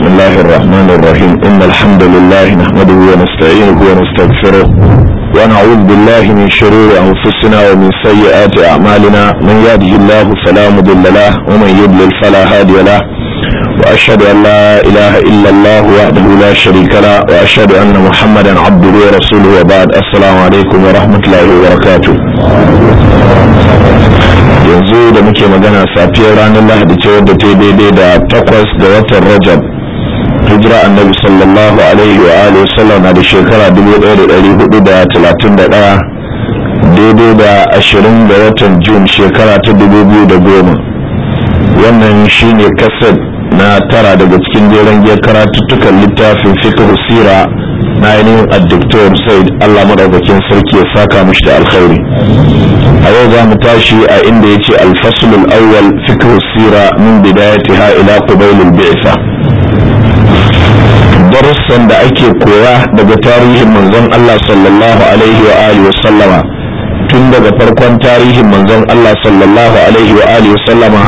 بسم الله الرحمن الرحيم إن الحمد لله نحمده ونستعينه ونستغفره ونعوذ بالله من شرور أنفسنا ومن سيئات أعمالنا من يهده الله فلا مضل له ومن يضلل فلا هادي له وأشهد أن لا إله إلا الله وحده لا شريك له وأشهد أن محمدا عبده ورسوله وبعد السلام عليكم ورحمة الله وبركاته yanzu da muke magana safiyar ranar lahadi ce wadda ta daidai da takwas ga watan rajab hijira annabi sallallahu alaihi wa alihi wasallam na da shekara 1431 daidai da ashirin da watan jun shekara ta goma wannan shine kasar na tara daga cikin jeren giyar karatuttukan littafin fiqh sira na ainihin addiktor said allah maɗaukakin sarki ya saka mashi da alkhairi a yau za mu tashi a inda ya ce alfasulul awwal fiqh sira min bidayatiha ila qubailul bi'sa darussan da ake koya daga tarihin manzon Allah sallallahu alaihi wa alihi wa sallama tun daga farkon tarihin manzon Allah sallallahu alaihi wa alihi wa sallama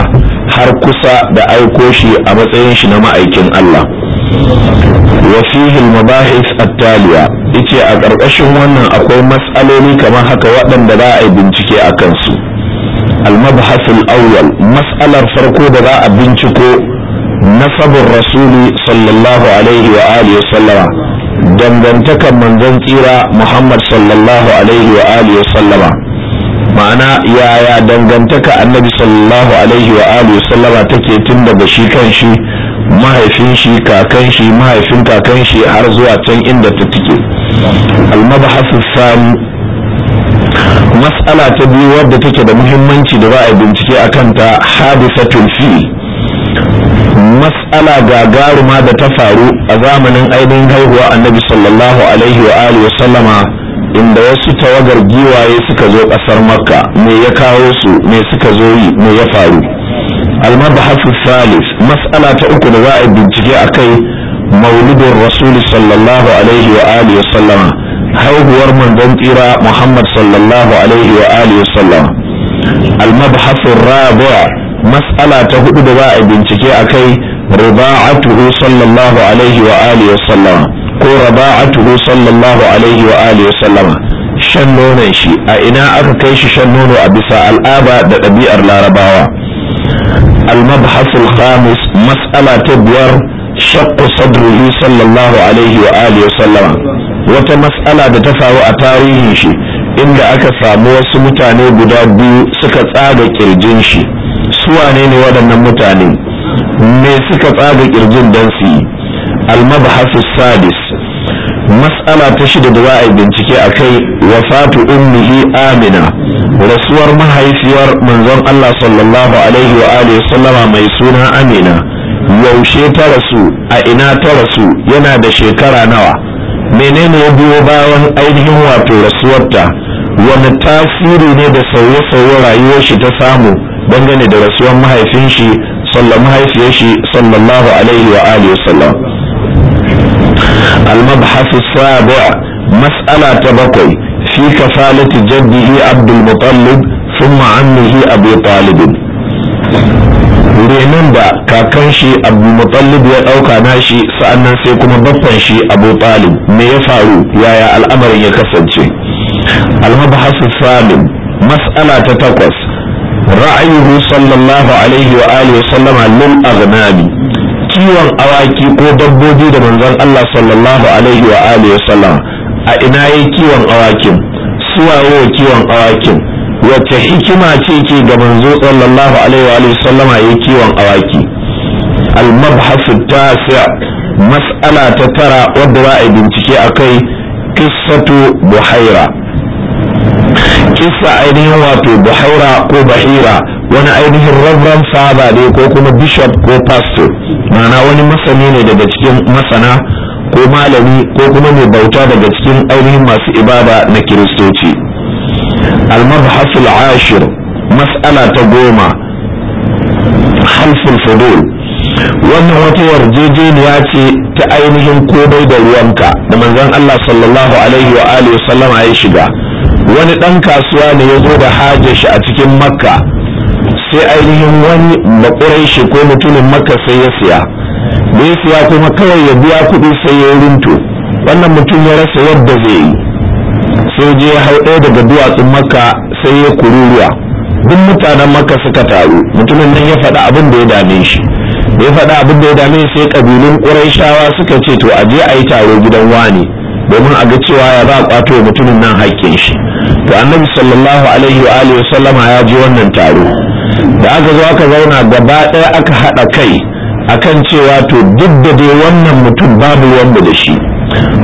har kusa da aiko shi a matsayin shi na ma'aikin Allah wa fihi mabahis at-taliya yace a ƙarƙashin wannan akwai matsaloli kamar haka waɗanda za a yi bincike a kansu al-mabhasul awwal mas'alar farko da za a binciko nasabin rasuli sallallahu alaihi wa alihi wa sallama dangantakan manzon tsira muhammad sallallahu alaihi wa alihi wa sallama ma'ana yaya dangantaka annabi sallallahu alaihi wa alihi wa sallama take tun daga shi kan shi mahaifin shi kakan shi mahaifin kakan shi har zuwa can inda ta tike almabahasu sani Mas'ala ta biyu wadda take da muhimmanci da za a bincike a kanta hadisatul fi matsala gagaruma da ta faru a zamanin ainihin haihuwa annabi sallallahu alaihi wa alihi sallama inda wasu tawagar giwaye suka zo kasar makka me ya kawo su me suka zo yi me ya faru almabahas salis mas'ala ta uku da za a bincike a kai maulidin rasuli sallallahu alaihi wa alihi sallama haihuwar manzon tsira muhammad sallallahu alaihi wa alihi sallama almabahas rabi'a mas'ala ta hudu da za a bincike a kai riba'atuhu sallallahu alaihi wa alihi wa sallama ko raba'atuhu sallallahu alaihi wa alihi sallama shan nonon shi a ina aka kai shi shan nono a bisa al'ada da ɗabi'ar larabawa almabhasul khamis mas'ala ta biyar shakku sadruhu sallallahu alaihi wa alihi sallama wata matsala da ta faru a tarihin shi inda aka samu wasu mutane guda biyu suka tsaga kirjin shi wane ne waɗannan mutane me suka tsaga ƙirjin don su yi almabhasu sadis mas'ala ta shida da za a yi bincike a kai wafatu ummihi amina rasuwar mahaifiyar manzon Allah sallallahu alaihi wa alihi sallama mai suna amina yaushe ta rasu a ina ta rasu yana da shekara nawa menene ya biyo bayan ainihin wato rasuwarta wani tasiri ne da sauye-sauye rayuwar shi ta samu dangane da rasuwan mahaifin shi sallallahu mahaifiyar shi sallallahu alaihi wa alihi wasallam al-mabhasu sabi' mas'ala ta bakwai fi kafalati jaddihi abdul muttalib thumma ammihi abu talib renon da kakan shi abu mutallib ya ɗauka na shi sa'annan sai kuma babban shi abu talib me ya faru yaya al'amarin ya kasance almabahasu salim mas'ala ta takwas ra'ayuhu sallallahu alaihi wa alihi wa sallama lil aghnami kiwon awaki ko dabbobi da manzon Allah sallallahu alaihi wa alihi wa sallama a ina yi kiwon awakin suwaye kiwon awakin wacce hikima ce ke ga manzo sallallahu alaihi wa alihi wa sallama yi kiwon awaki al-mabhas at-tasi' mas'ala ta tara wadda za a bincike akai qissatu buhaira kissa ainihin wato buhaira ko bahira wani ainihin reverend father ne ko kuma bishop ko pastor mana wani masani ne daga cikin masana ko malami ko kuma mai bauta daga cikin ainihin masu ibada na kiristoci almabhasul ashir mas'ala ta goma halful fudul wannan wata yarjejeniya ce ta ainihin komai da ruwanka da manzon Allah sallallahu alaihi wa alihi ya shiga wani ɗan kasuwa ne ya zo da hajar shi a cikin makka sai ainihin wani makurai shi ko mutumin makka sai ya siya da ya siya kuma kawai ya biya kuɗi sai ya rinto wannan mutum ya rasa yadda zai yi sai je hau ɗaya daga duwatsun makka sai ya kururuwa duk mutanen makka suka taru mutumin nan ya faɗa abin da ya dame shi da ya faɗa abin da ya dame sai ƙabilun shawa suka ce to a je a yi taro gidan wani domin a ga cewa ya za a kwato wa mutumin nan haƙƙin shi to annabi sallallahu alaihi wa alihi sallama ya je wannan taro da aka zo aka zauna gaba ɗaya aka haɗa kai akan cewa to duk da dai wannan mutum babu wanda da shi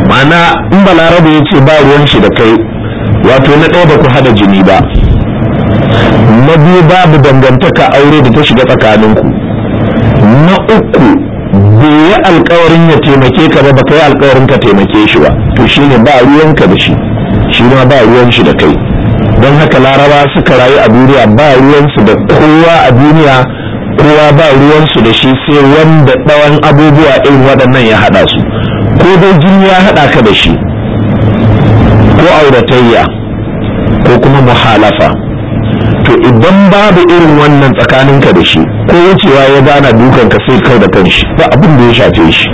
ma'ana in balarabe ya ce ba ruwan shi da kai wato na ɗaya ba ku haɗa jini ba na biyu babu dangantaka aure da ta shiga tsakaninku na uku bai yi alkawarin ya taimake ka ba kai yi alkawarin ka taimake shi ba to shine ba ruwanka da shi shi ma ba ruwan shi da kai don haka laraba suka rayu a duniya ba ruwansu da kowa a duniya kowa ba ruwansu da shi sai wanda tsawon abubuwa irin waɗannan ya haɗa su ko dai jini ya haɗa ka da shi ko auratayya ko kuma muhalafa to idan babu irin wannan tsakaninka da shi ko wucewa ya gana dukanka sai kai da kanshi ba abin da ya shafe shi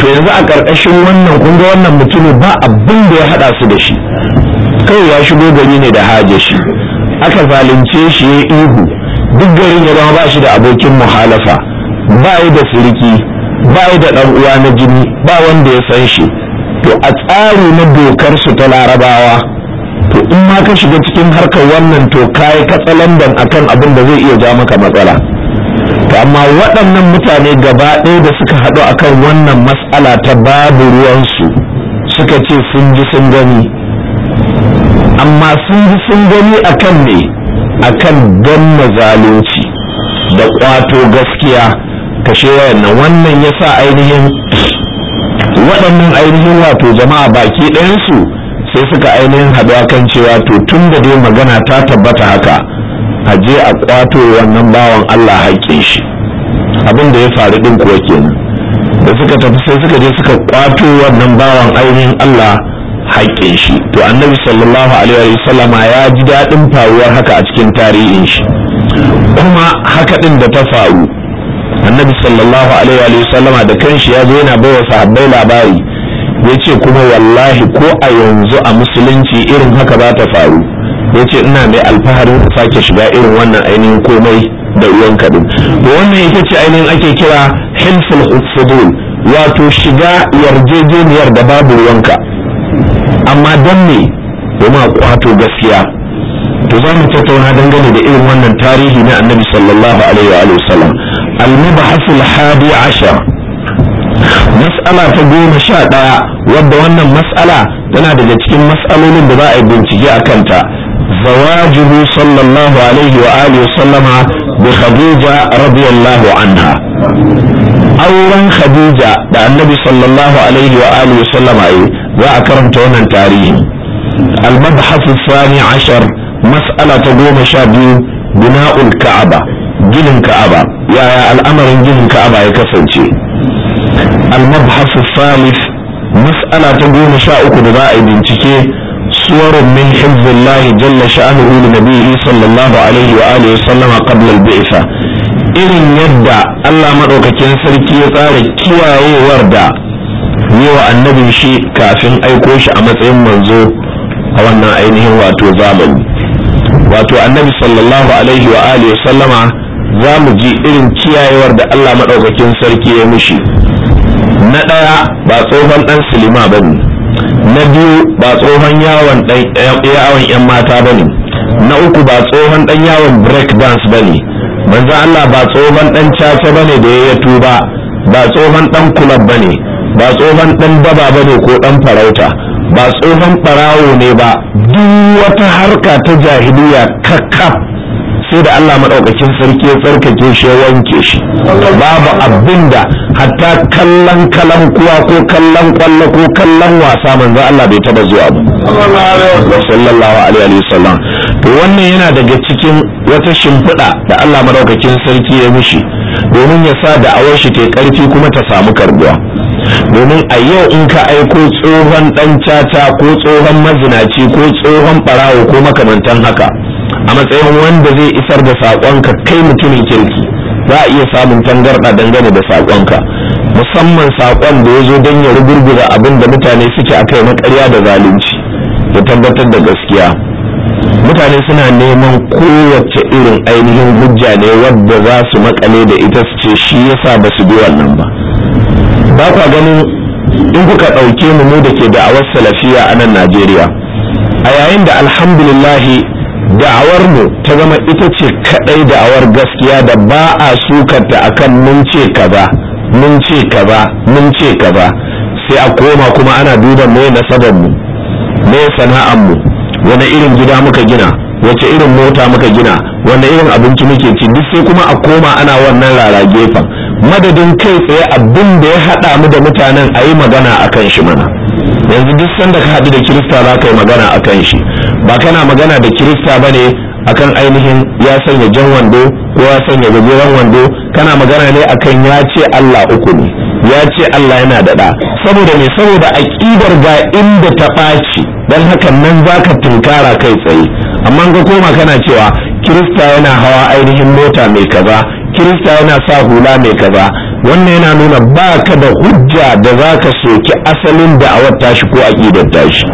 to yanzu a ƙarƙashin wannan kun ga wannan mutumin ba abin da ya haɗa su da shi kawai ya shigo gari ne da haje shi aka zalunce shi ya ihu duk garin ya zama ba shi da abokin muhalafa ba yi da siriki ba yi da ɗan uwa na jini ba wanda ya san shi to a tsari na dokar su ta larabawa to in ma ka shiga cikin harkar wannan to kayi katsalandan akan abin da zai iya ja maka matsala to amma waɗannan mutane gaba ɗaya da suka haɗu akan wannan matsala ta babu ruwansu suka ce sun ji sun gani amma sun ji sun gani akan ne akan ganna zalunci da ƙwato gaskiya kashe wayannan wannan yasa ainihin waɗannan ainihin wato jama'a baki ɗayansu sai suka ainihin haɗuwa kan cewa to tun da dai magana ta tabbata haka a je a kwato wannan bawan Allah haƙƙin shi abin da ya faru din kuwa kenan da suka tafi sai suka je suka kwato wannan bawan ainihin Allah haƙƙin shi to annabi sallallahu alaihi wasallama ya ji daɗin faruwar haka a cikin tarihin shi kuma haka din da ta faru annabi sallallahu alaihi wasallama da kanshi ya zo yana baiwa sahabbai labari ya ce kuma wallahi ko a yanzu a musulunci irin haka ba ta faru ya ce ina mai alfaharin sake shiga irin wannan ainihin komai da ruwan kaɗin da wannan ita ce ainihin ake kira hilful fudul wato shiga yarjejeniyar da babu ruwanka amma don me kuma kwato gaskiya to za mu tattauna dangane da irin wannan tarihi na annabi sallallahu alaihi wa sallam al mubahasul hadi ashar mas'ala ta goma sha ɗaya wadda wannan mas'ala tana daga cikin mas'alolin da za a yi bincike a kanta zawajibu sallallahu alaihi wa alihi sallama bi khadija radiyallahu anha auren khadija da annabi sallallahu alaihi wa alihi sallama yi za a karanta wannan tarihi المبحث الثاني عشر مسألة قوم شابين بناء الكعبة جن كعبة يا yaya al'amarin ginin ka'aba ya kasance. al الثالث مسألة mas'ala ta goma sha uku da za a yi bincike suwarun min صلى الله عليه وآله وسلم sallallahu البعثة irin yadda Allah madaukakin sarki ya tsara kiyayewar da yawa annabin shi kafin aiko shi a matsayin manzo a wannan ainihin wato zamani wato annabi sallallahu alaihi wa alihi sallama za mu ji irin kiyayewar da Allah maɗaukakin sarki ya mushi na ɗaya ba tsohon ɗan silima ba ne na biyu ba tsohon yawon eh, yawon yan mata ba ne na uku ba tsohon ɗan yawon break dance ba ne manzo Allah ba tsohon ɗan caca ba ne da ya tuba ba tsohon ɗan kulab ba ne ba tsohon ɗan daba ba ne ko ɗan farauta ba tsohon ɓarawo ne ba duk wata harka ta jahiliya kakkaf sai da Allah maɗaukakin sarki ya tsarkake shi ya wanke shi babu abin da hatta kallon kalan kuwa ko kallon kwallo ko kallon wasa manzo Allah bai taba zuwa ba sallallahu alaihi wasallam to wannan yana daga cikin wata shimfiɗa da Allah maɗaukakin sarki ya mishi domin ya sa da shi ta karfi kuma ta samu karbuwa domin a yau in ka aiko tsohon dan caca ko tsohon mazinaci ko tsohon barawo ko makamantan haka a matsayin wanda zai isar da saƙonka kai mutumin kirki za a iya samun tangarɗa dangane da saƙonka musamman saƙon da ya zo don ya rugurgura abin da mutane suke a kai na ƙarya da zalunci da tabbatar da gaskiya mutane suna neman kowace irin ainihin hujja ne wadda za su makale da ita su ce shi yasa ba su bi wannan ba ba kwa ganin in kuka ɗauke mu mu da ke awar salafiya a nan najeriya a yayin da alhamdulillahi da'awar mu ta zama ita ce kadai da'awar gaskiya da ba a sukarta akan mun ce kaza mun ce kaza mun ce kaza sai a koma kuma ana duba me nasabar mu me sana'ar mu wani irin gida muka gina wace irin mota muka gina wanda irin abinci muke ci duk sai kuma a koma ana wannan rara gefen madadin kai tsaye abin da ya haɗa mu da mutanen a yi magana a kan shi mana yanzu duk sanda ka haɗu da kirista za ka yi magana a kan shi ba kana magana da kirista ba ne a kan ainihin ya sanya jan wando ko ya sanya gajeren wando kana magana ne a kan ya ce Allah uku ne ya ce Allah yana da ɗa saboda me saboda aƙidar ga inda ta ɓaci don hakan nan za ka tunkara kai tsaye amma ga koma kana cewa kirista yana hawa ainihin mota mai kaza kirista yana sa hula mai kaza wannan yana nuna ba ka da hujja da za ka soki asalin da'awar tashi ko aƙidar tashi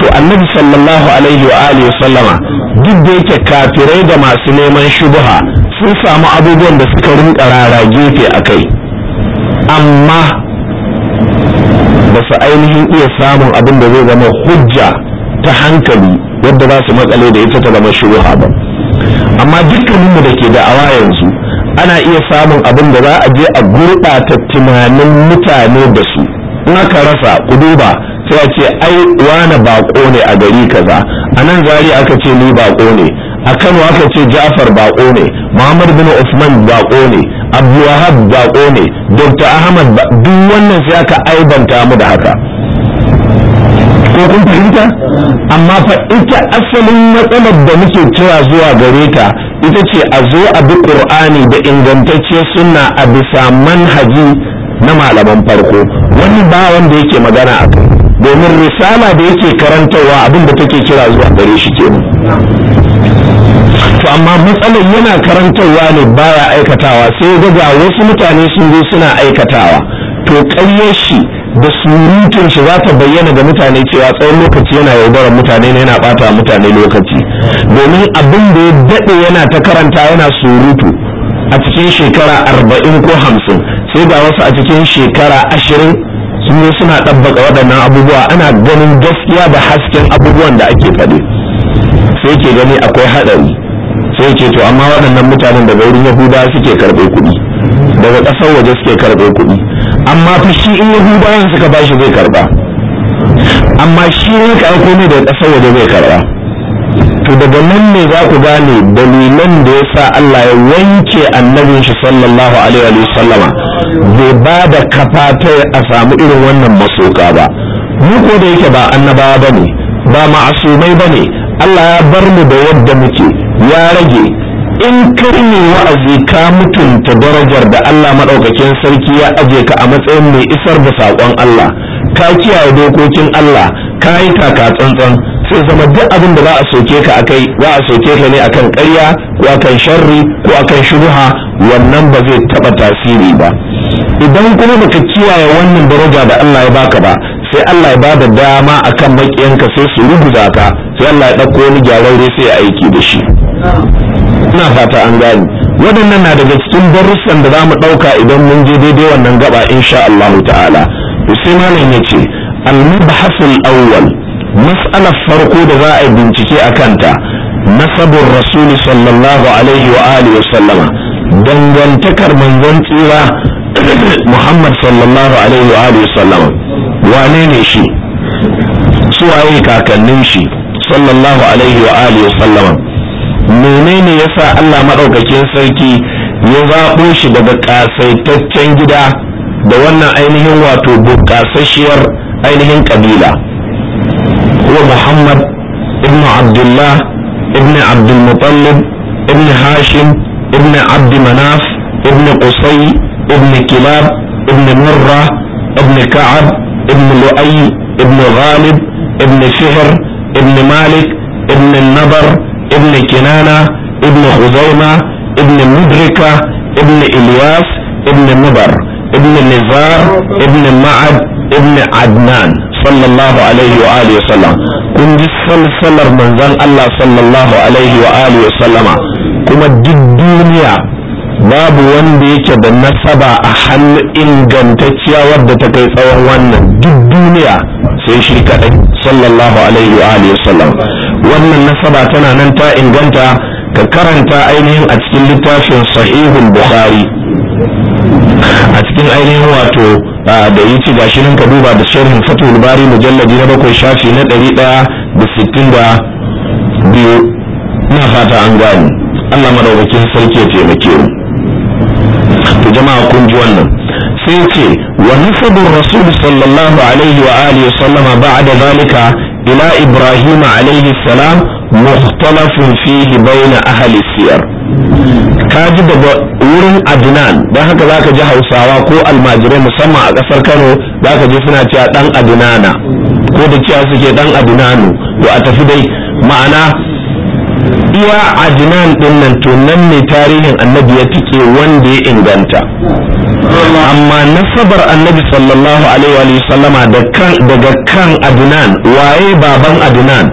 to annabi sallallahu alaihi wa alihi sallama duk da yake kafirai da masu neman shubha sun samu abubuwan da suka rinka rara gefe a kai amma ba su ainihin iya samun abin da zai zama hujja ta hankali yadda za su matsale da ita ta zama shubha ba amma dukkaninmu da ke da'awa yanzu ana iya samun abin da za a je a gurɓata tunanin mutane da su in aka rasa ku duba sai a ce ai wane bako ne a gari kaza a nan zari aka ce ni bako ne a kano aka ce jafar bako ne muhammad bin usman bako ne abdulwahab bako ne dr ahmad duk wannan sai aka aibanta mu da haka ko kun fahimta amma fa ita asalin matsalar da muke kira zuwa gare ta ita ce a zo a bi qur'ani da ingantacciyar sunna a bisa manhaji na malaman farko wani ba wanda yake magana a kai domin risala da yake karantarwa abin da take kira zuwa gare shi kenan to amma matsalar yana karantarwa ne baya aikatawa sai ga wasu mutane sun zo suna aikatawa to ƙaryar shi da surutun shi za ta bayyana ga mutane cewa tsawon lokaci yana yaudara mutane ne yana bata mutane lokaci domin abin da ya daɗe yana ta karanta yana surutu a cikin shekara arba'in ko hamsin sai ga wasu a cikin shekara ashirin sun yi suna ɗabbaka waɗannan abubuwa ana ganin gaskiya da hasken abubuwan da ake faɗi sai ke gani akwai haɗari sai ke to amma waɗannan mutanen daga wurin yahudawa suke karɓe kuɗi daga ƙasar waje suke karɓe kuɗi amma fa shi in yahudawan suka bashi zai karba amma shi ne ka aiko ne da ƙasar waje zai karba to daga nan ne za ku gane dalilan da ya sa Allah ya wanke annabin shi sallallahu alaihi wa sallama bai ba da kafata a samu irin wannan masoka ba mu ko da yake ba annabawa bane ba ma'asumai bane Allah ya bar mu da yadda muke ya rage in kai ne wa'azi ka mutunta darajar da Allah maɗaukakin sarki ya aje ka a matsayin mai isar da saƙon Allah ka kiyaye dokokin Allah ka yi taka tsantsan sai zama duk abin da za a soke ka akai za a soke ka ne akan ƙarya ko akan sharri ko akan shubha wannan ba zai taɓa tasiri ba idan kuma baka kiyaye wannan daraja da Allah ya baka ba sai Allah ya bada dama akan maƙiyanka sai su rubuta ka sai Allah ya ɗauko wani gyararre sai ya aiki da shi ina fata an gane waɗannan na daga cikin darussan da za mu ɗauka idan mun je daidai wannan gaba insha Allah ta'ala sai malam ya ce al-mubhasul awwal mas'alar farko da za a yi bincike a kanta nasabun rasuli sallallahu alaihi wa alihi wa sallama dangantakar manzon tsira Muhammad sallallahu alaihi wa alihi wa sallama wane ne shi su suwaye kakannin shi sallallahu alaihi wa alihi wa sallama menene yasa Allah maɗaukakin sarki ya zaɓo shi daga ƙasaitaccen gida da wannan ainihin wato buƙasasshiyar ainihin ƙabila huwa Muhammad ibn Abdullah ibn Abdul Muttalib ibn Hashim ibn Abd Manaf ibn Qusay ibn Kilab ibn Murra ibn Ka'ab ibn Lu'ay ibn Ghalib ibn Fihr ibn Malik ibn Nabar Ibni kinana ibn huzaima ibn mudrika ibn ilyas ibn mubar ibn nizar ibn ma'ad ibn adnan sallallahu alaihi wa alihi wa sallam kun ji salsalar manzon Allah sallallahu alaihi wa alihi wa sallama kuma duk duniya babu wanda yake da nasaba a hannu ingantacciya wadda ta kai tsawon wannan duk duniya sai shi kaɗai, sallallahu alaihi wa alihi wa wannan nasaba tana nan ta inganta ka karanta ainihin a cikin littafin sahihun bukhari a cikin ainihin wato da yi ci gashi nan ka duba da sharhin fatul bari mujalladi na bakwai shafi na ɗari ɗaya da sittin da biyu na fata an gani allah madaukakin sarki ya taimake mu to jama'a kun ji wannan sai ce wa nasabun rasul sallallahu alaihi wa alihi wa sallama da zalika ila ibrahim alaihi salam mukhtalafun fihi bayna ahli siyar ka ji daga wurin adnan don haka zaka ji hausawa ko almajirai musamman a ƙasar kano zaka ji suna cewa dan adnana ko da cewa suke dan adnanu to a tafi dai ma'ana iya adinan din nan to nan ne tarihin annabi ya tike wanda ya inganta amma nasabar annabi sallallahu alaihi wa sallama daga kan adnan waye baban adnan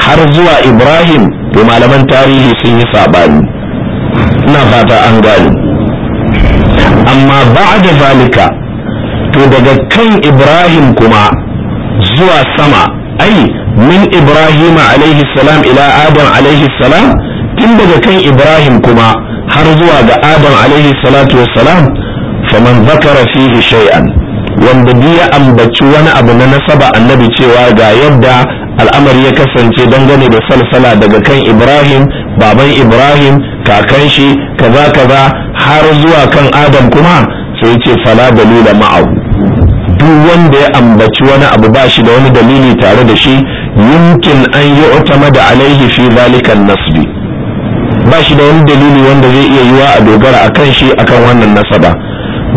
har zuwa ibrahim to malaman tarihi sun yi sabani na fata an gani amma ba'da zalika to daga kan ibrahim kuma zuwa sama ai min Ibrahim alaihi salam ila adam alaihi salam tun daga kan ibrahim kuma har zuwa ga adam alaihi salatu wassalam faman zakara fihi shay'an wanda ya ambaci wani abu na nasaba annabi cewa ga yadda al'amari ya kasance dangane da salsala daga kan ibrahim baban ibrahim kakan shi kaza kaza har zuwa kan adam kuma sai ce fala dalila ma'ahu duk wanda ya ambaci wani abu ba shi da wani dalili tare da shi yumkin an yi da alaihi fi zalikan nasbi ba shi da wani dalili wanda zai iya yiwa a dogara akan shi akan wannan nasaba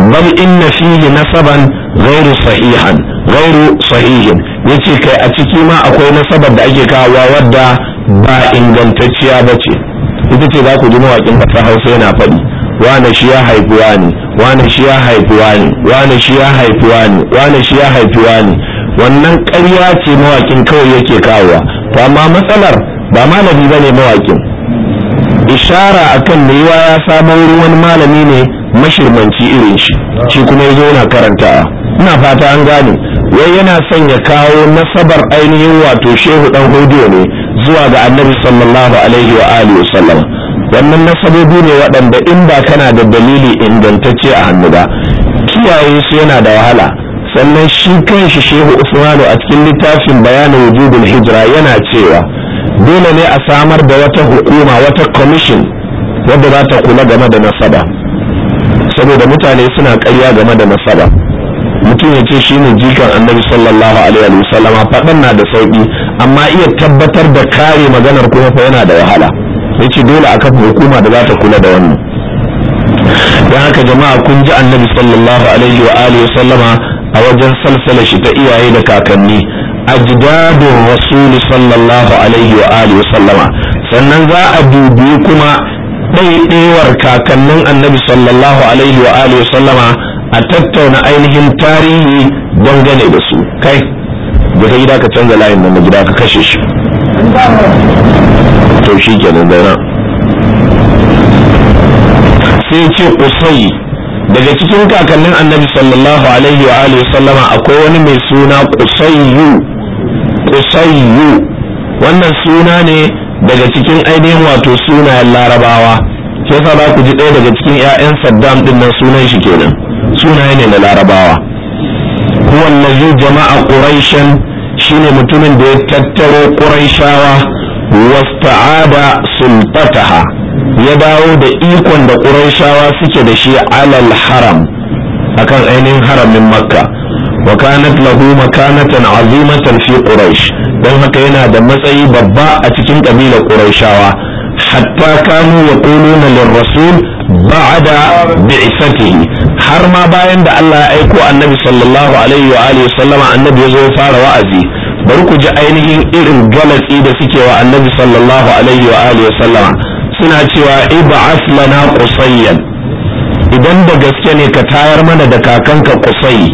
bal inna fihi nasaban ghairu sahihan ghairu sahihin yace kai a ciki ma akwai nasabar da ake kawo wadda ba ingantacciya bace ita ce za ku ji mawakin ƙasar Hausa yana faɗi wane shi ya haifi wane wane shi ya haifi wane wane shi ya haifi wane wane shi ya wannan ƙarya ce mawakin kawai yake kawowa to amma matsalar ba malami bane mawakin. inshara akan da yiwa ya samo ruwan malami ne mashirmanci irin shi shi kuma ya zo yana karanta ina fata an gane wai yana son ya kawo nasabar ainihin wato shehu dan hudu ne zuwa ga annabi sallallahu alaihi wa alihi wa sallam wannan nasabobi ne waɗanda in ba kana da dalili ingantacce a hannu ba kiyaye su yana da wahala sannan shi shi shehu usmanu a cikin littafin bayanin wujudul hijira yana cewa dole ne a samar da wata hukuma wata commission wadda za ta kula game da nasaba saboda mutane suna karya game da nasaba mutum ya ce shi ne jikan annabi sallallahu alaihi wa sallama faɗan na da sauƙi amma iya tabbatar da kare maganar kuma fa yana da wahala yace dole a kafa hukuma da za ta kula da wannan don haka jama'a kun ji annabi sallallahu alaihi wa alihi sallama a wajen salsala shi ta iyaye da kakanni ajdadun rasuli sallallahu alaihi wa alihi wa sallama sannan za a dubi kuma ɗaiɗewar kakannin annabi sallallahu alaihi wa alihi wa sallama a tattauna ainihin tarihi don gane da su kai da guda gida ka canza layin nan gida ka kashe shi to shi ke nan zauna sai ce usai daga cikin kakannin annabi sallallahu alaihi wa alihi sallama akwai wani mai suna yu qusayyu wannan suna ne daga cikin ainihin wato sunayen larabawa sai sa za ku ji ɗaya daga cikin 'ya'yan saddam din nan sunan shi kenan sunaye ne na larabawa huwa allazi jama'a shi shine mutumin da ya tattaro ƙuraishawa wasta'ada sultataha ya dawo da ikon da ƙuraishawa suke da shi alal haram akan ainihin haramin makka wa kanat lahu makanatan azimatan fi quraish don haka yana da matsayi babba a cikin kabilar quraishawa hatta kanu yaquluna lirrasul ba'da bi'satihi har ma bayan da Allah ya aiko annabi sallallahu alaihi wa alihi sallama annabi yazo ya fara wa'azi bari ku ji ainihin irin galatsi da suke wa anabi sallallahu alaihi wa alihi sallama suna cewa ib'ath aslana qusayyan idan da gaske ne ka tayar mana da kakanka qusayyi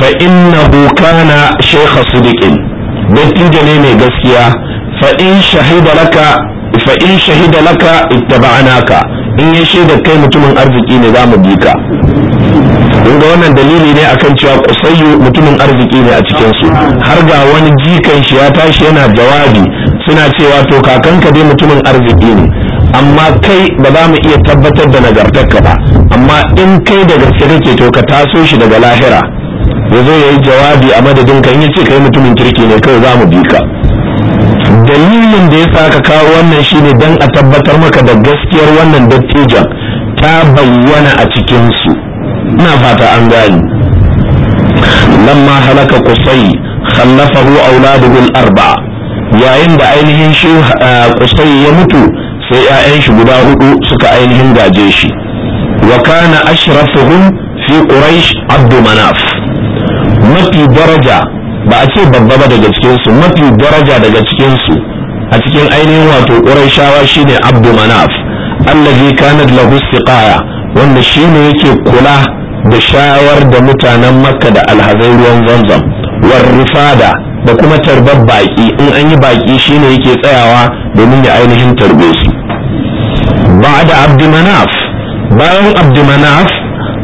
fa innahu kana shaykha sidiqin dattijo ne mai gaskiya fa in shahida laka fa in shahida in ya shaida kai mutumin arziki ne za mu bi ka kun ga wannan dalili ne akan cewa kusayyu mutumin arziki ne a cikin su har ga wani jikan shi ya tashi yana jawabi suna cewa to kakanka dai mutumin arziki ne amma kai ba za mu iya tabbatar da nagartarka ba amma in kai da gaske kake to ka taso shi daga lahira ya zo ya yi jawabi a madadin kan ya ce kai mutumin kirki ne kawai za mu bi ka dalilin da ya sa ka kawo wannan shine dan a tabbatar maka da gaskiyar wannan dattijan ta bayyana a cikinsu ina fata an gani lamma halaka kusai khallafahu auladuhu al-arba yayin da ainihin shi kusai ah, ya mutu sai 'ya'yan shi guda hudu suka ainihin gaje shi wa kana ashrafuhum fi quraish abdu manaf mafi daraja ba a ce babba ba daga cikinsu mafi daraja daga cikinsu a cikin ainihin wato shi shine abdu manaf allazi kanar lahu siqaya wanda shine yake kula da shawar da mutanen makka da alhazai ruwan zamzam war rifada da kuma tarbar baƙi. in an yi baki shine yake tsayawa domin ya ainihin tarbe su da abdu manaf bayan abdu manaf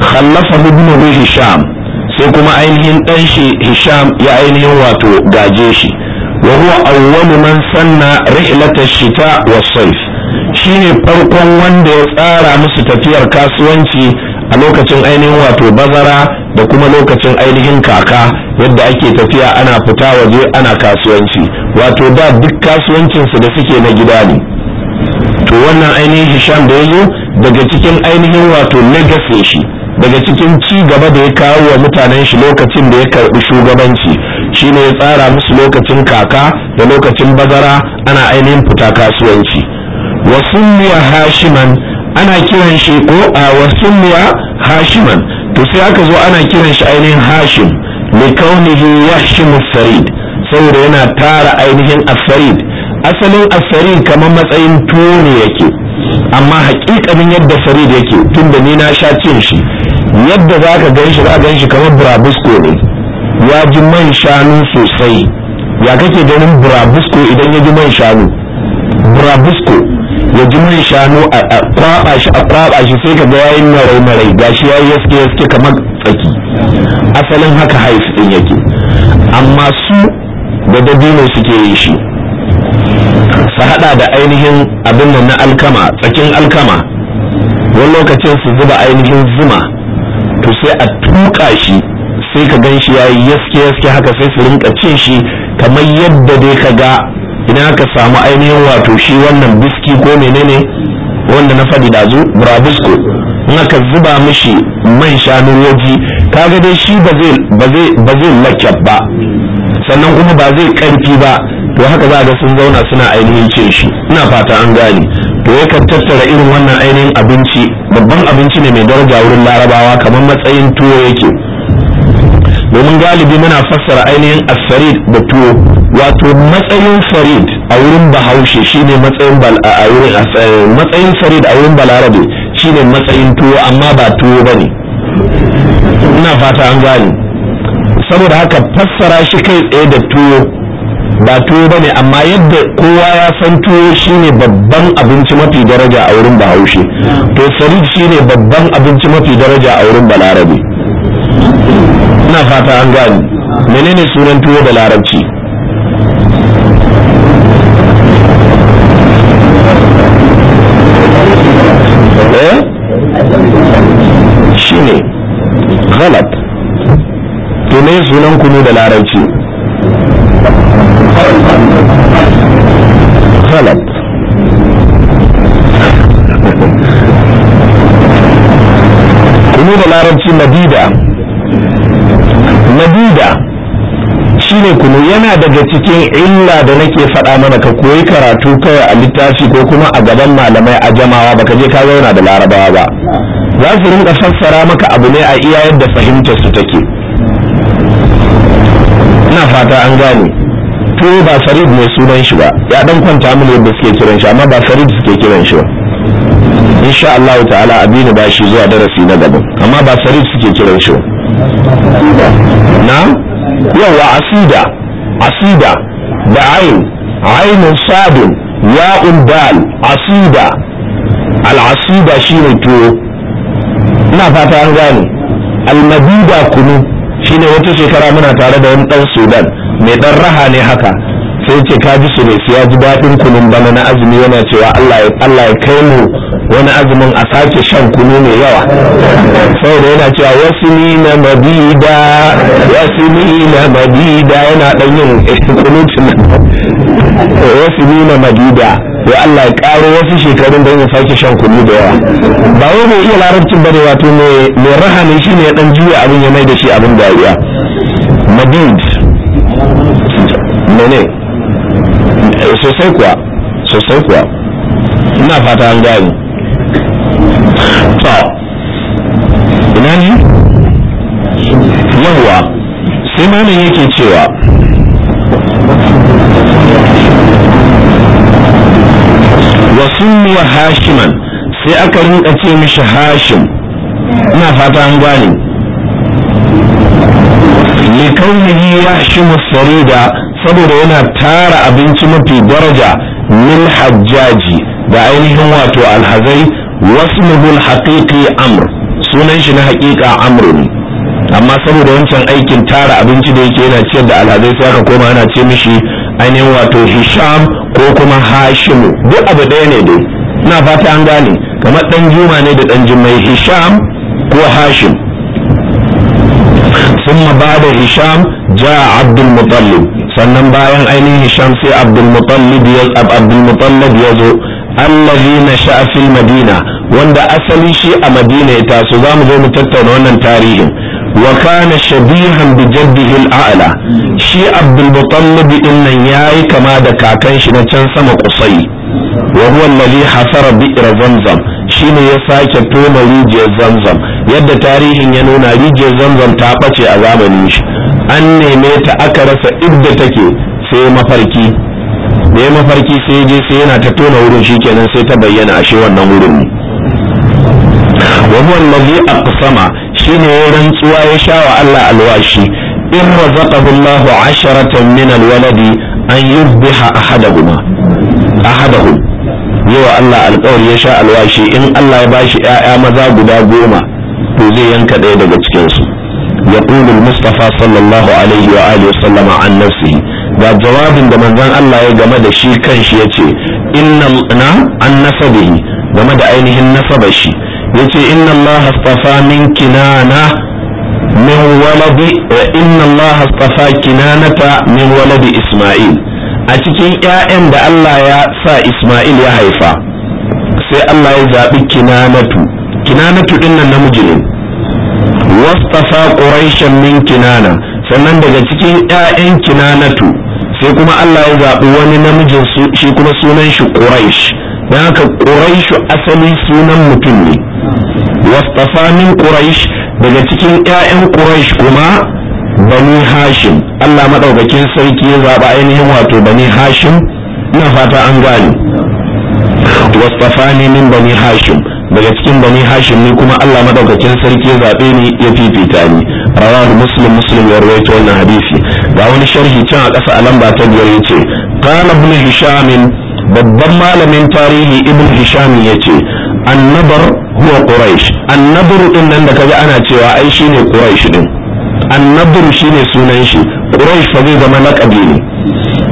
khallafa ibn hisham sai kuma ainihin ɗan shi hisham ya ainihin wato gaje shi wa huwa awwalu man sanna rihlata shita wa sayf shine farkon wanda ya tsara musu tafiyar kasuwanci a lokacin ainihin wato bazara da kuma lokacin ainihin kaka yadda ake tafiya ana fita waje ana kasuwanci wato da duk kasuwancinsu da suke na gida ne to wannan ainihin hisham da ya zo daga cikin ainihin wato legacy shi daga cikin ci gaba da ya kawo wa mutanen shi lokacin da ya karbi shugabanci shine ya tsara musu lokacin kaka da lokacin bazara ana ainihin fita kasuwanci wasunniya hashiman ana kiran shi ko a wasunniya hashiman to sai aka zo ana kiran shi ainihin hashim li kaunihi yashin sarid saboda yana tara ainihin asarid asalin asarid kamar matsayin tuwo ne yake amma hakikanin yadda farid yake tun da ni na sha cin shi yadda za ka gan shi za gan shi kamar burabusko ne ya ji man shanu sosai ya kake ganin burabusko idan ya ji man shanu burabusko ya ji man shanu a kwaba shi a kwaba shi sai ka ga yayin marai marai gashi yayi yaske yaske kamar tsaki asalin haka haif din yake amma su da dabino suke yi shi su hada da ainihin abin nan na alkama tsakin alkama wani lokacin su zuba ainihin zuma to sai a tuka shi sai ka gan shi ya yi yaske yaske haka sai su rinka cin shi kamar yadda dai ka ga ina ka samu ainihin wato shi wannan biski ko menene wanda na faɗi dazu brabisco in aka zuba mishi man shanu waji ga dai shi ba zai lakyab ba sannan kuma ba zai karfi ba to haka za a ga sun zauna suna ainihin cin shi ina fata an gane to yakan tattara irin wannan ainihin abinci babban abinci ne mai daraja wurin larabawa kamar matsayin tuwo yake domin galibi muna fassara ainihin asarid da tuwo wato matsayin farid a wurin bahaushe shine matsayin a wurin eh, matsayin farid a wurin balarabe shine matsayin tuwo amma ba tuwo bane ina fata an gane saboda haka fassara shi kai tsaye da tuwo ba tuwo bane amma yadda kowa ya san tuwo shine babban abinci mafi daraja a wurin bahaushe to sarij shine babban abinci mafi daraja a wurin balarabe ina fata an gani menene sunan tuwo da larabci eh? shine galat to ne sunan kunu da larabci kunu da larabci madida madida shine kunu yana daga cikin illa da nake faɗa mana ka koyi karatu kawai a littafi ko kuma a gaban malamai a jamawa baka je ka zauna da larabawa ba za su rinka fassara maka abu ne a iya yadda fahimtar su take ina fata an gane to ba farid ne sunan shi ba ya dan kwanta mun yadda suke kiran shi amma ba farid suke kiran shi ba insha Allah ta'ala abinu ba shi zuwa darasi na gaban amma ba farid suke kiran shi ba na yawa asida asida da ayin ainun sadun ya'un dal asida al-asida ne tuwo ina fata an gane al-madida kunu shine wata shekara muna tare da wani dan Sudan mai dan raha ne haka sai ce ka ji su ya ji daɗin kunun bana na azumi yana cewa Allah ya kai mu wani azumin a sake shan kunu mai yawa da yana cewa wasu ni na mabida wasu ni na mabida yana dan yin kunutin eh, wasu ni na mabida ya Allah ya karo wasu shekarun don ya sake shan kunu da yawa ba wai mai iya larabcin bane wato mai rahani shine ya dan juya abin ya mai da shi abin dariya madid mene sosai kuwa sosai kuwa ina fata an gani to ina ne yawwa sai malam yake cewa wasu hashiman sai aka rinka ce mishi hashim ina fata an gani likaunihi ya shimu sarida saboda yana tara abinci mafi daraja min hajjaji da ainihin wato alhazai wasu wasmuhul haƙiƙi amr sunan shi na haƙiƙa amr ne amma saboda wancan aikin tara abinci da yake yana ciyar da alhazai sai aka koma ana ce mishi ainihin wato hisham ko kuma hashimu duk abu ɗaya ne dai na fata an gane kamar ɗan juma ne da ɗan jimai hisham ko hashim ثم بعد هشام جاء عبد المطلب sannan bayan ainihin hisham sai abdulmutallib ya abdulmutallib ya zo allazi na sha'afil madina wanda asali shi a madina ya taso za mu zo mu tattauna wannan tarihin wakana kana shabihan bi jaddihi al'ala shi abdulmutallib din nan yi kama da kakan shi na can sama kusai wa huwa allazi hasara bi'r zamzam shine ya sake tona rijiyar zamzam yadda tarihin ya nuna rijiyar zamzam ta ɓace a zamani. shi an neme ta aka rasa inda take sai mafarki da mafarki sai je sai yana ta tona wurin shi kenan sai ta bayyana ashe wannan wurin ne wa huwa allazi aqsama shine ya rantsuwa ya sha wa Allah alwashi in razaqahu Allahu asharatan min alwaladi an yubbiha ahadahuma ahadahum yawa Allah alƙawari ya sha alwashi in Allah ya bashi 'ya'ya maza guda goma to zai yanka ɗaya daga cikinsu ya ƙulul mustafa sallallahu alaihi wa alihi sallama an nafsihi ga jawabin da manzon Allah ya game da shi kan shi ya ce inna na an nasabihi game da ainihin nasaba shi ya ce inna Allah astafa min kinana min waladi inna Allah astafa kinanata min waladi Isma'il a cikin ƴaƴan da Allah ya sa Isma'il ya haifa sai Allah ya zaɓi kinanatu kinanatu din nan namiji ne wastafa quraishan min kinana sannan daga cikin ƴaƴan kinanatu sai kuma Allah ya zabi wani namijin shi kuma sunan shi quraish dan haka quraish asali sunan mutum ne wastafa min quraish daga cikin ƴaƴan quraish kuma bani hashim Allah madaukakin sarki ya zaba ainihin wato bani hashim ina fata an gane ne min bani hashim daga cikin bani hashim ni kuma Allah madaukakin sarki ya zabe ni ya fifita ni rawan muslim muslim ya rawaito wannan hadisi ga wani sharhi can a kasa a lamba ta biyar yace qala ibn hisham babban malamin tarihi ibn hisham yace annabar huwa quraish annabar din nan da kaji ana cewa ai shine quraish din annabar shine sunan shi quraish fa zai zama laqabi ne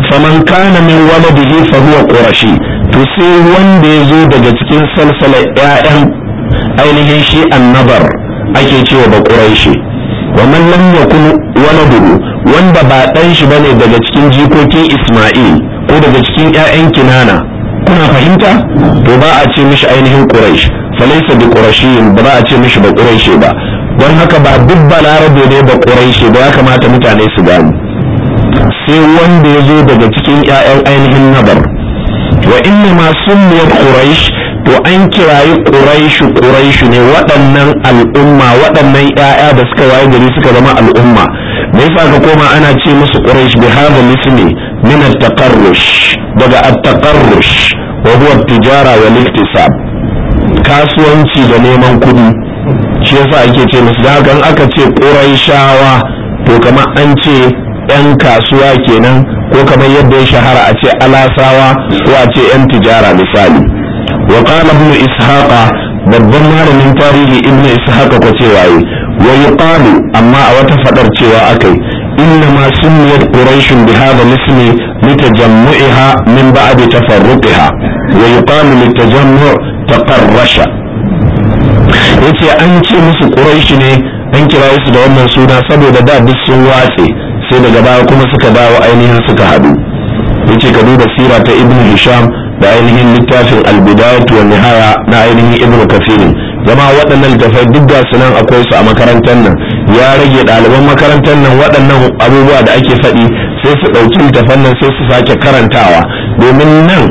faman kana min waladihi fa huwa qurashi to sai wanda ya zo daga cikin salsala ƴaƴan ainihin shi annabar ake cewa ba quraishi wa man lam yakun waladuhu wanda ba dan shi bane daga cikin jikokin isma'il ko daga cikin ƴaƴan kinana kuna fahimta to ba a ce mishi ainihin quraish falaisa bi qurashiyin ba a ce mishi ba quraishi ba don haka ba duk balarabe ne ba quraishi ba ya kamata mutane su gani sai wanda ya zo daga cikin ƴaƴan ainihin nabar wa inna ma summiyar quraish to an kirayi quraishu quraishu ne waɗannan al'umma waɗannan ƴaƴa da suka waye gari suka zama al'umma me yasa ka koma ana ce musu quraish bi hadha ismi min at-taqarrush daga at-taqarrush wa huwa at-tijara wal iktisab kasuwanci da neman kuɗi shi yasa ake ce musu da haka aka ce quraishawa to kamar an ce 'yan kasuwa kenan ko kamar yadda ya shahara a ce alasawa ko a ce 'yan tijara misali wa qala ibn ishaqa babban malamin tarihi ibn ishaqa ko cewa yi wa yuqalu amma a wata fadar cewa akai inna ma sunniyat quraish bi hadha al litajammu'iha min ba'd tafarruqiha wa yuqalu litajammu' taqarrasha yace an ce musu quraish ne an kira su da wannan suna saboda da duk sun watse sai daga baya kuma suka dawo ainihin suka haɗu yace ka duba sira ta ibn hisham da ainihin littafin al-bidayat wa nihaya na ainihin ibn kathir zama waɗannan littafai duk ga su nan akwai su a makarantar nan ya rage ɗaliban makarantar nan waɗannan abubuwa da ake faɗi sai su ɗauki littafan nan sai su sake karantawa domin nan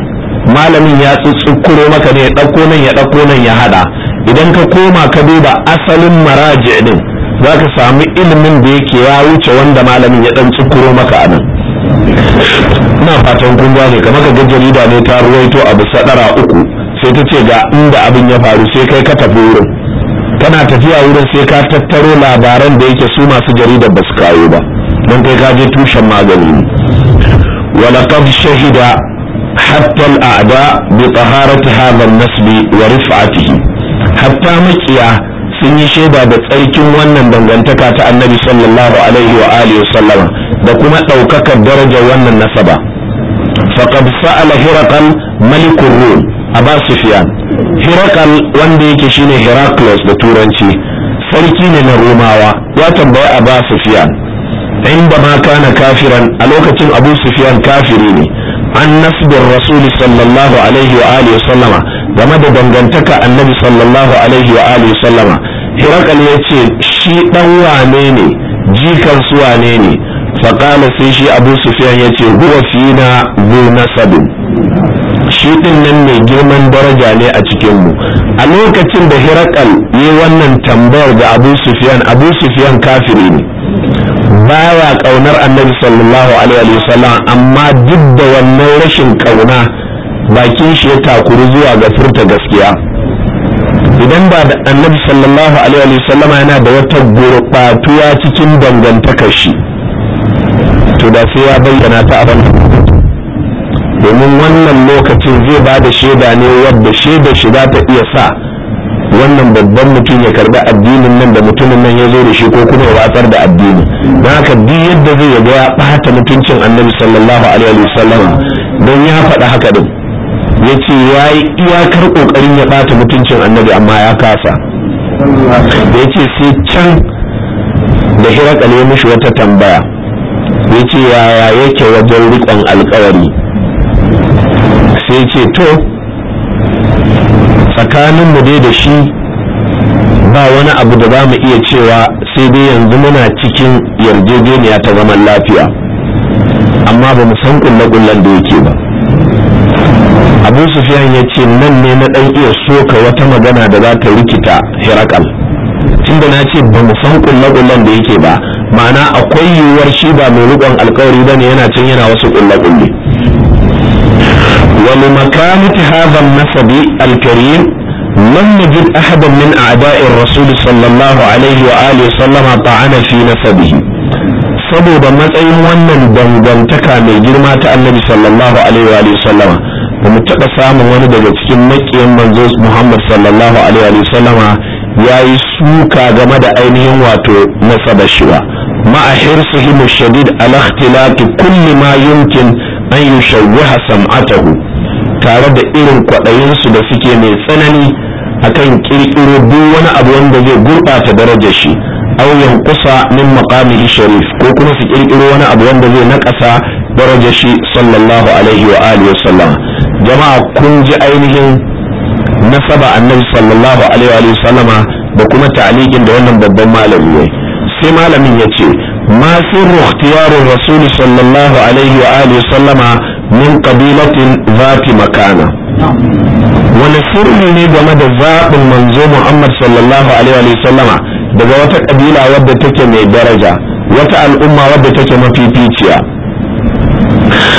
malamin ya tsutsukuro maka ne ya ɗauko nan ya ɗauko nan ya haɗa idan ka koma ka duba asalin maraji'in din za ka samu ilimin da yake ya wuce wanda malamin ya dan tsukuro maka a nan ina fatan kun gane kamar ka ga jarida ne ta ruwaito abu sadara uku sai ta ce ga inda abin ya faru sai kai ka tafi wurin kana tafiya wurin sai ka tattaro labaran da yake su masu jaridar ba su kayo ba don kai ka je tushen magani ne ولقد شهد حتى الأعداء بطهارة هذا النسب ورفعته حتى مكيا sun yi shaida da tsarkin wannan dangantaka ta annabi sallallahu alaihi wa alihi sallama da kuma ɗaukakar darajar wannan nasaba faqad sa'ala hiraqal malikur rum aba sufyan hiraqal wanda yake shine heraclus da turanci sarki ne na romawa ya tambaya aba sufyan inda ma kana kafiran a lokacin abu sufyan kafiri ne an nasbin rasuli sallallahu alaihi wa alihi sallama game da dangantaka annabi sallallahu alaihi wa alihi sallama hirakal ya ce shi ɗan wane ne jikan su wane ne faƙala sai shi abu sufiyan ya ce huwa fina zu nasabin shi din nan mai girman daraja ne a cikinmu a lokacin da hirakal ya wannan tambayar da abu sufiyan abu sufiyan kafiri ne baya ƙaunar annabi sallallahu alaihi wasallam amma duk da wannan rashin ƙauna bakin shi ya takuru zuwa ga furta gaskiya idan ba da annabi sallallahu alaihi yana da wata gurɓatuwa cikin dangantakar shi to da sai ya bayyana ta a domin wannan lokacin zai ba da shaida ne wadda shaida shi za ta iya sa wannan babban mutum ya karbi addinin nan da mutumin nan ya zo da shi ko kuma ya watsar da addini don haka duk yadda zai ga ya ɓata mutuncin annabi sallallahu alaihi don ya faɗa haka din ya ce ya yi iyakar ƙoƙarin ya ɓata mutuncin annabi amma ya kasa da ya ce sai can da hirakale ya mishi wata tambaya ya ce yaya yake wajen riƙon alkawari sai ce to tsakaninmu dai da shi ba wani abu da za mu iya cewa sai dai yanzu muna cikin yarjejeniya ta zaman lafiya amma ba mu san kullen da yake ba abu sufiyan ya ce nan ne na ɗan iya soka wata magana da za ta rikita hirakal tunda na ce ba mu san kullakullan da yake ba ma'ana akwai yiwuwar shi ba mai rikon alkawari ba ne yana can yana wasu kullakulle wani makamati hazan nasabi alkarim لم نجد أحدا من أعداء الرسول صلى الله عليه وآله وسلم طعن في saboda matsayin wannan dangantaka mai girma ta annabi sallallahu alaihi wa sallama ba mu taɓa samun wani daga cikin maƙiyan manzo Muhammad sallallahu alaihi ya yi suka game da ainihin wato nasaba shi ba ma'a hirsihim shadid ala ikhtilati kulli ma yumkin an yushawwiha sam'atahu tare da irin kwaɗayinsu da suke mai tsanani akan kirkiro duk wani abu wanda zai gurɓata darajar shi aw yanqusa min maqamihi sharif ko kuma su kirkiro wani abu wanda zai naƙasa darajar shi sallallahu alaihi wa alihi jama'a kun ji ainihin nasaba annabi sallallahu alaihi wa sallama da kuma ta'liqin da wannan babban malami yayi sai malamin ya ce ma sirru ikhtiyarin rasul sallallahu alaihi wa alihi sallama min qabilatin zati makana wani sirri ne game da zaɓin manzo muhammad sallallahu alaihi wa sallama daga wata kabila wadda take mai daraja wata al'umma wadda take mafificiya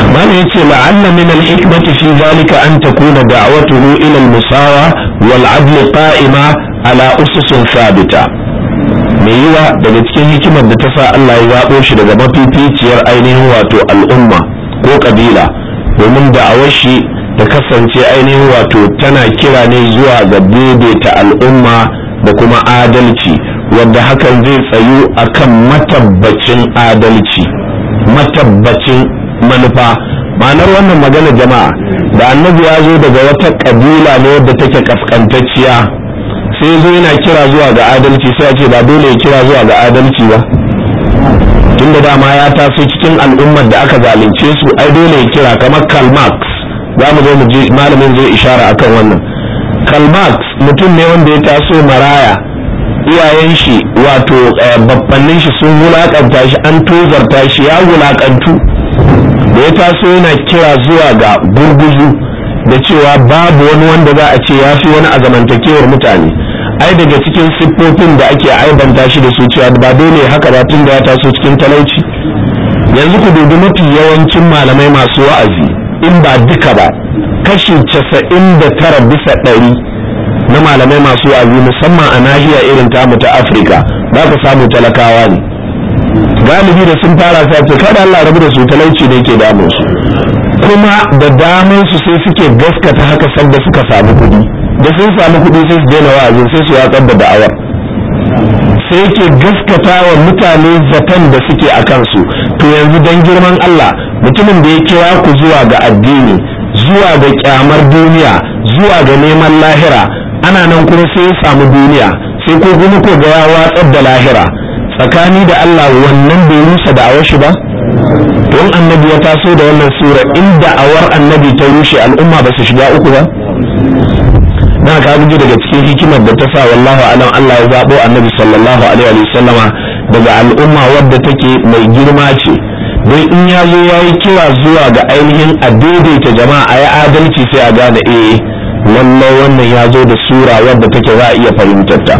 malam yace la'alla min al-hikmati fi zalika an takuna da'watuhu ila al-musawa wal 'adl qa'ima ala ususin sabita mai yiwa daga cikin hikimar da ta sa Allah ya zaɓo shi daga mafificiyar ainihin wato al'umma ko kabila domin da'awar shi ta kasance ainihin wato tana kira ne zuwa ga daidaita al'umma da kuma adalci wanda hakan zai tsayu akan matabbacin adalci matabbacin manufa ma'anar wannan magana jama'a da annabi ya zo daga wata kabila ne wadda take kaskantacciya sai zo yana kira zuwa ga adalci sai ya ce ba dole ya kira zuwa ga adalci ba tunda dama ya taso cikin al'ummar da aka zalunce su ai dole ya kira kamar Karl Marx za mu zo mu je malamin zai ishara akan wannan Karl Marx mutum ne wanda ya taso maraya iyayen shi wato eh, babbannin shi sun wulakanta shi an tozarta shi ya wulakantu da ya taso yana kira zuwa ga gurguzu da cewa babu wani wanda za a ce ya fi wani a zamantakewar mutane ai daga cikin siffofin da ake aibanta shi da su cewa ba dole haka ba tun da ya taso cikin talauci yanzu ku dubi mafi yawancin malamai masu wa'azi in ba duka ba kashi casa'in da tara bisa ɗari na malamai masu wa'azi musamman a nahiya irin tamu ta afirka ba ka samu talakawa ne galibi da sun fara sa ce kada Allah rabu da su talauci da yake damun su kuma da damun su sai suke gaskata haka sanda suka samu kuɗi da sun samu kuɗi sai su daina wa'azin sai su watsar da da'awar sai ke gaskata wa mutane zaton da suke a kansu to yanzu dan girman Allah mutumin da ya kira ku zuwa ga addini zuwa ga kyamar duniya zuwa ga neman lahira ana nan kuma sai ya samu duniya sai ko kuma ko ga ya watsar da lahira tsakani da Allah wannan bai rusa da shi ba don annabi ya taso da wannan sura inda awar annabi ta rushe al'umma ba su shiga uku ba na ka gudu daga cikin hikimar da ta sa wallahu alam Allah ya zabo annabi sallallahu alaihi wa sallama daga al'umma wadda take mai girma ce don in ya zo ya yi kira zuwa ga ainihin a daidaita jama'a a yi adalci sai a gane eh lallai wannan ya zo da sura wadda take za a iya fahimtar ta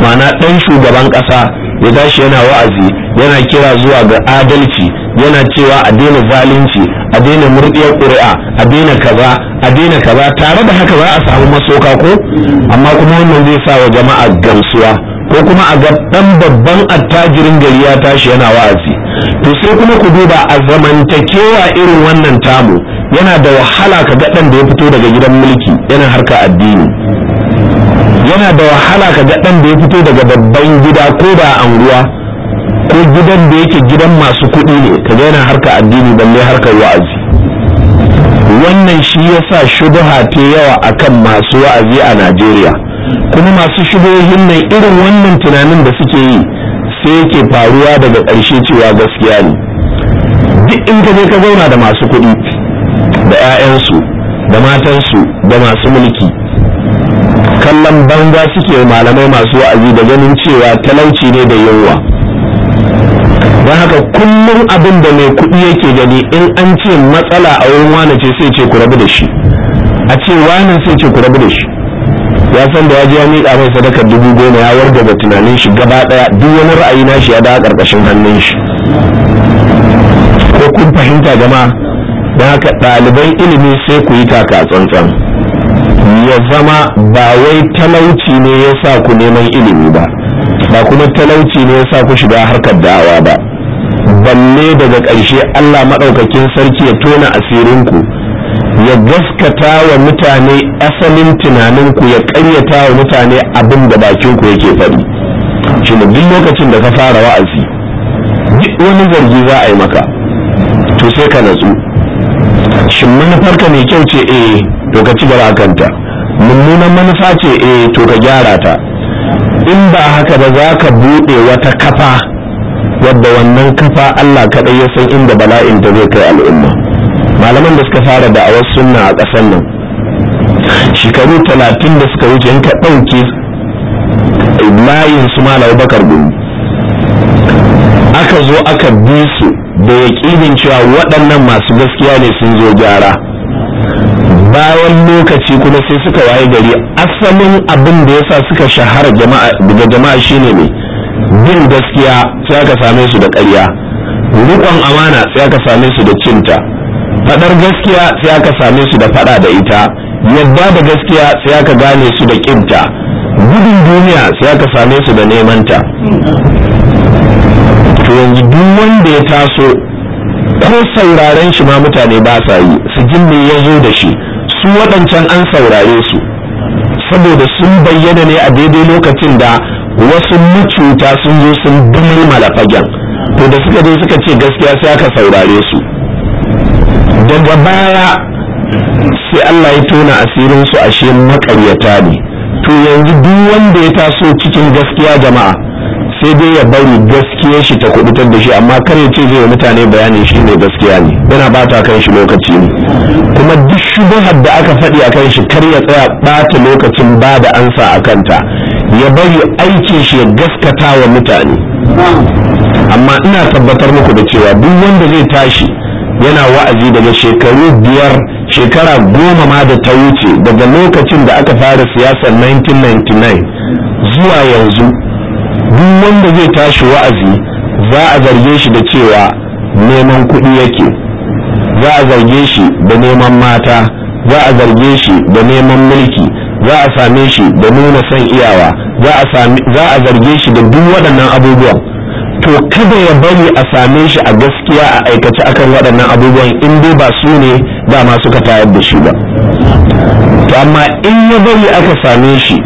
ma'ana ɗan shugaban ƙasa ya tashi yana wa'azi yana kira zuwa ga adalci yana cewa a daina zalunci a daina murɗiyar ƙuri'a a daina kaza a daina kaza tare da haka za a samu masoka ko amma kuma wannan zai sa wa jama'a gamsuwa ko kuma a gaɗan babban attajirin gari ya tashi yana wa'azi to sai kuma ku duba a zamantakewa irin wannan tamu yana da wahala ka ga da ya fito daga gidan mulki yana harka addini yana da wahala ka ga ɗan da ya fito daga babban gida ko da anguwa ko gidan da yake gidan masu kuɗi ne ka ga yana harka addini balle harkar wa'azi wannan shi yasa shubuha ta yawa akan masu wa'azi a Najeriya kuma masu shubuhohin nan irin wannan tunanin da suke yi sai yake faruwa daga ƙarshe cewa gaskiya ne duk in ka je ka zauna da masu kuɗi da 'ya'yansu da matansu da masu mulki kallon banza suke malamai masu wa'azi da ganin cewa talauci ne da yunwa don haka kullum abin da mai kuɗi yake gani in an ce matsala a wurin wane ce sai ce ku rabu da shi a ce wane sai ce ku rabu da shi ya san da ya ji ya miƙa mai sadakar dubu goma ya warga da tunanin shi gaba ɗaya duk wani ra'ayi na shi ya dawo ƙarƙashin hannun shi ko kun fahimta jama'a don haka ɗaliban ilimi sai ku yi taka tsantsan ya zama ba wai talauci ne ya sa ku neman ilimi ba ba kuma talauci ne ya sa ku shiga harkar dawa ba balle daga ƙarshe Allah maɗaukakin sarki ya tona asirinku ya gaskata wa mutane asalin tunaninku ya ƙaryata wa mutane abin da bakinku yake faɗi shi duk lokacin da ka fara wa'azi duk wani zargi za a yi maka to sai ka natsu shin manufarka mai kyau ce eh to ka ci a kanta mummunan manufa ce eh to ka gyara ta in ba haka ba za ka buɗe wata kafa wadda wannan kafa Allah kaɗai ya san inda bala'in ta zai kai al'umma malaman da suka fara da'awar sunna a ƙasar nan shekaru talatin da suka wuce in ka ɗauke layin su bakar gumi aka zo aka bi su da yaƙinin cewa waɗannan masu gaskiya ne sun zo gyara bayan lokaci kuma sai suka waye gari asalin abin da yasa suka shahara daga jama'a shine ne bin gaskiya sai aka same su da ƙarya riƙon amana sai aka same su da cinta faɗar gaskiya sai aka same su da faɗa da ita yadda da gaskiya sai aka gane su da ƙinta gudun duniya sai aka same su da neman ta to yanzu duk wanda ya taso ko sauraren shi ma mutane ba sa yi su jin me ya zo da shi su waɗancan an saurare su saboda sun bayyana ne a daidai lokacin da wasu mucuta sun zo sun dumar malafagen to da suka zo suka ce gaskiya sai aka saurare su daga baya sai Allah ya tona asirin su ashe makaryata ne to yanzu duk wanda ya taso cikin gaskiya jama'a sai dai ya bari gaskiyar shi ta kudutar da shi amma kar ya ce zai mutane bayanin shi ne gaskiya ne yana ta kan shi lokaci ne kuma duk shubuhar da aka faɗi kan shi kar ya tsaya bata lokacin ba da ansa a kanta ya bari aikin shi ya gaskata wa mutane amma ina tabbatar muku da cewa duk wanda zai tashi yana wa'azi daga shekaru biyar shekara goma ma da ta wuce daga lokacin da aka fara siyasar 1999 zuwa yanzu duk wanda zai tashi wa'azi za a zarge shi da cewa neman kuɗi yake za a zarge shi da neman mata za a zarge shi da neman mulki za a same shi da nuna son iyawa za a zarge shi da duk waɗannan abubuwan to kada ya bari a same shi a gaskiya a aikace akan waɗannan abubuwan in dai ba su ne ba ma suka tayar da shi ba to amma in ya bari aka same shi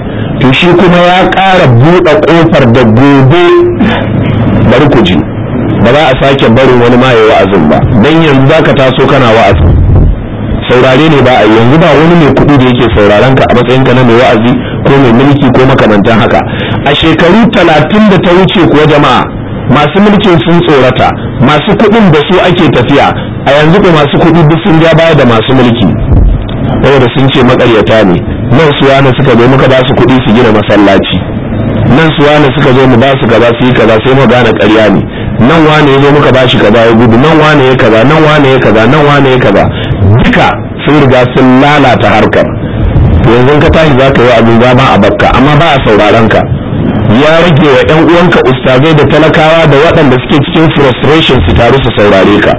to shi kuma ya ƙara buɗe ƙofar da gobe bari ku ji ba za a sake barin wani ma wa'azin ba dan yanzu zaka taso kana wa'azi saurare ne ba a yanzu ba wani mai kuɗi da yake sauraron ka a matsayin ka na mai wa'azi ko mai mulki ko makamantan haka a shekaru talatin da ta wuce kuwa jama'a masu mulkin sun tsorata masu kuɗin da su ake tafiya a yanzu ko masu kuɗi duk sun ja baya da masu mulki saboda sun ce makaryata ne nan su yana suka zo muka ba su kuɗi su gina masallaci nan su yana suka zo mu ba su kaza su yi kaza sai mu gane ƙarya ne nan wane ya zo muka ba shi kaza ya gudu nan wane ya kaza nan wane ya kaza nan wane ya kaza duka sun riga sun lalata harkar yanzu ka tashi za ka yi abin zama a bakka amma ba a sauraron ka ya rage wa yan uwanka ustazai da talakawa da waɗanda suke cikin frustration su taru su saurare ka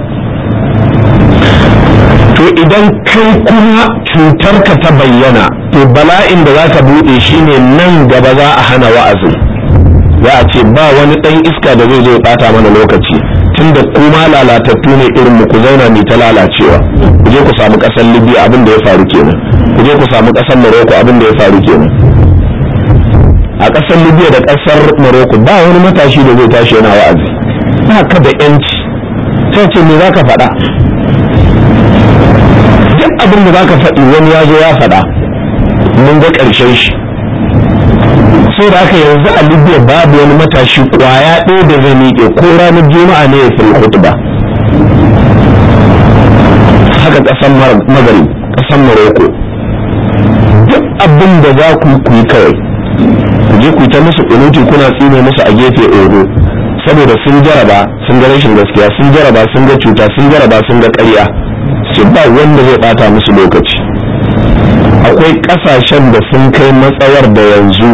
to idan kai kuma cutarka ta bayyana to bala'in da za ka buɗe shine nan gaba za a hana wa'azin za a ce ba wani ɗan iska da zai zo ya ɓata mana lokaci tunda kuma lalatattu ne irin mu ku zauna mai ta lalacewa ku je ku samu ƙasar libya abin da ya faru kenan ku je ku samu ƙasar maroko abin da ya faru kenan a ƙasar libya da ƙasar morocco ba wani matashi da zai tashi yana wa'azi ba ka da yanci sai ce me za ka faɗa duk abin da za ka faɗi wani ya zo ya faɗa mun ga ƙarshen shi sai da aka yanzu a libya babu wani matashi ƙwaya ɗaya da zai miƙe ko ranar juma'a ne ya fi hutuba haka ƙasar magari ƙasar morocco duk abin da za ku yi kawai ku je ku ta musu kunuti kuna tsine musu a gefe ogo saboda sun jaraba sun ga rashin gaskiya sun jaraba sun ga cuta sun jaraba sun ga ƙarya su ba wanda zai bata musu lokaci akwai ƙasashen da sun kai matsawar da yanzu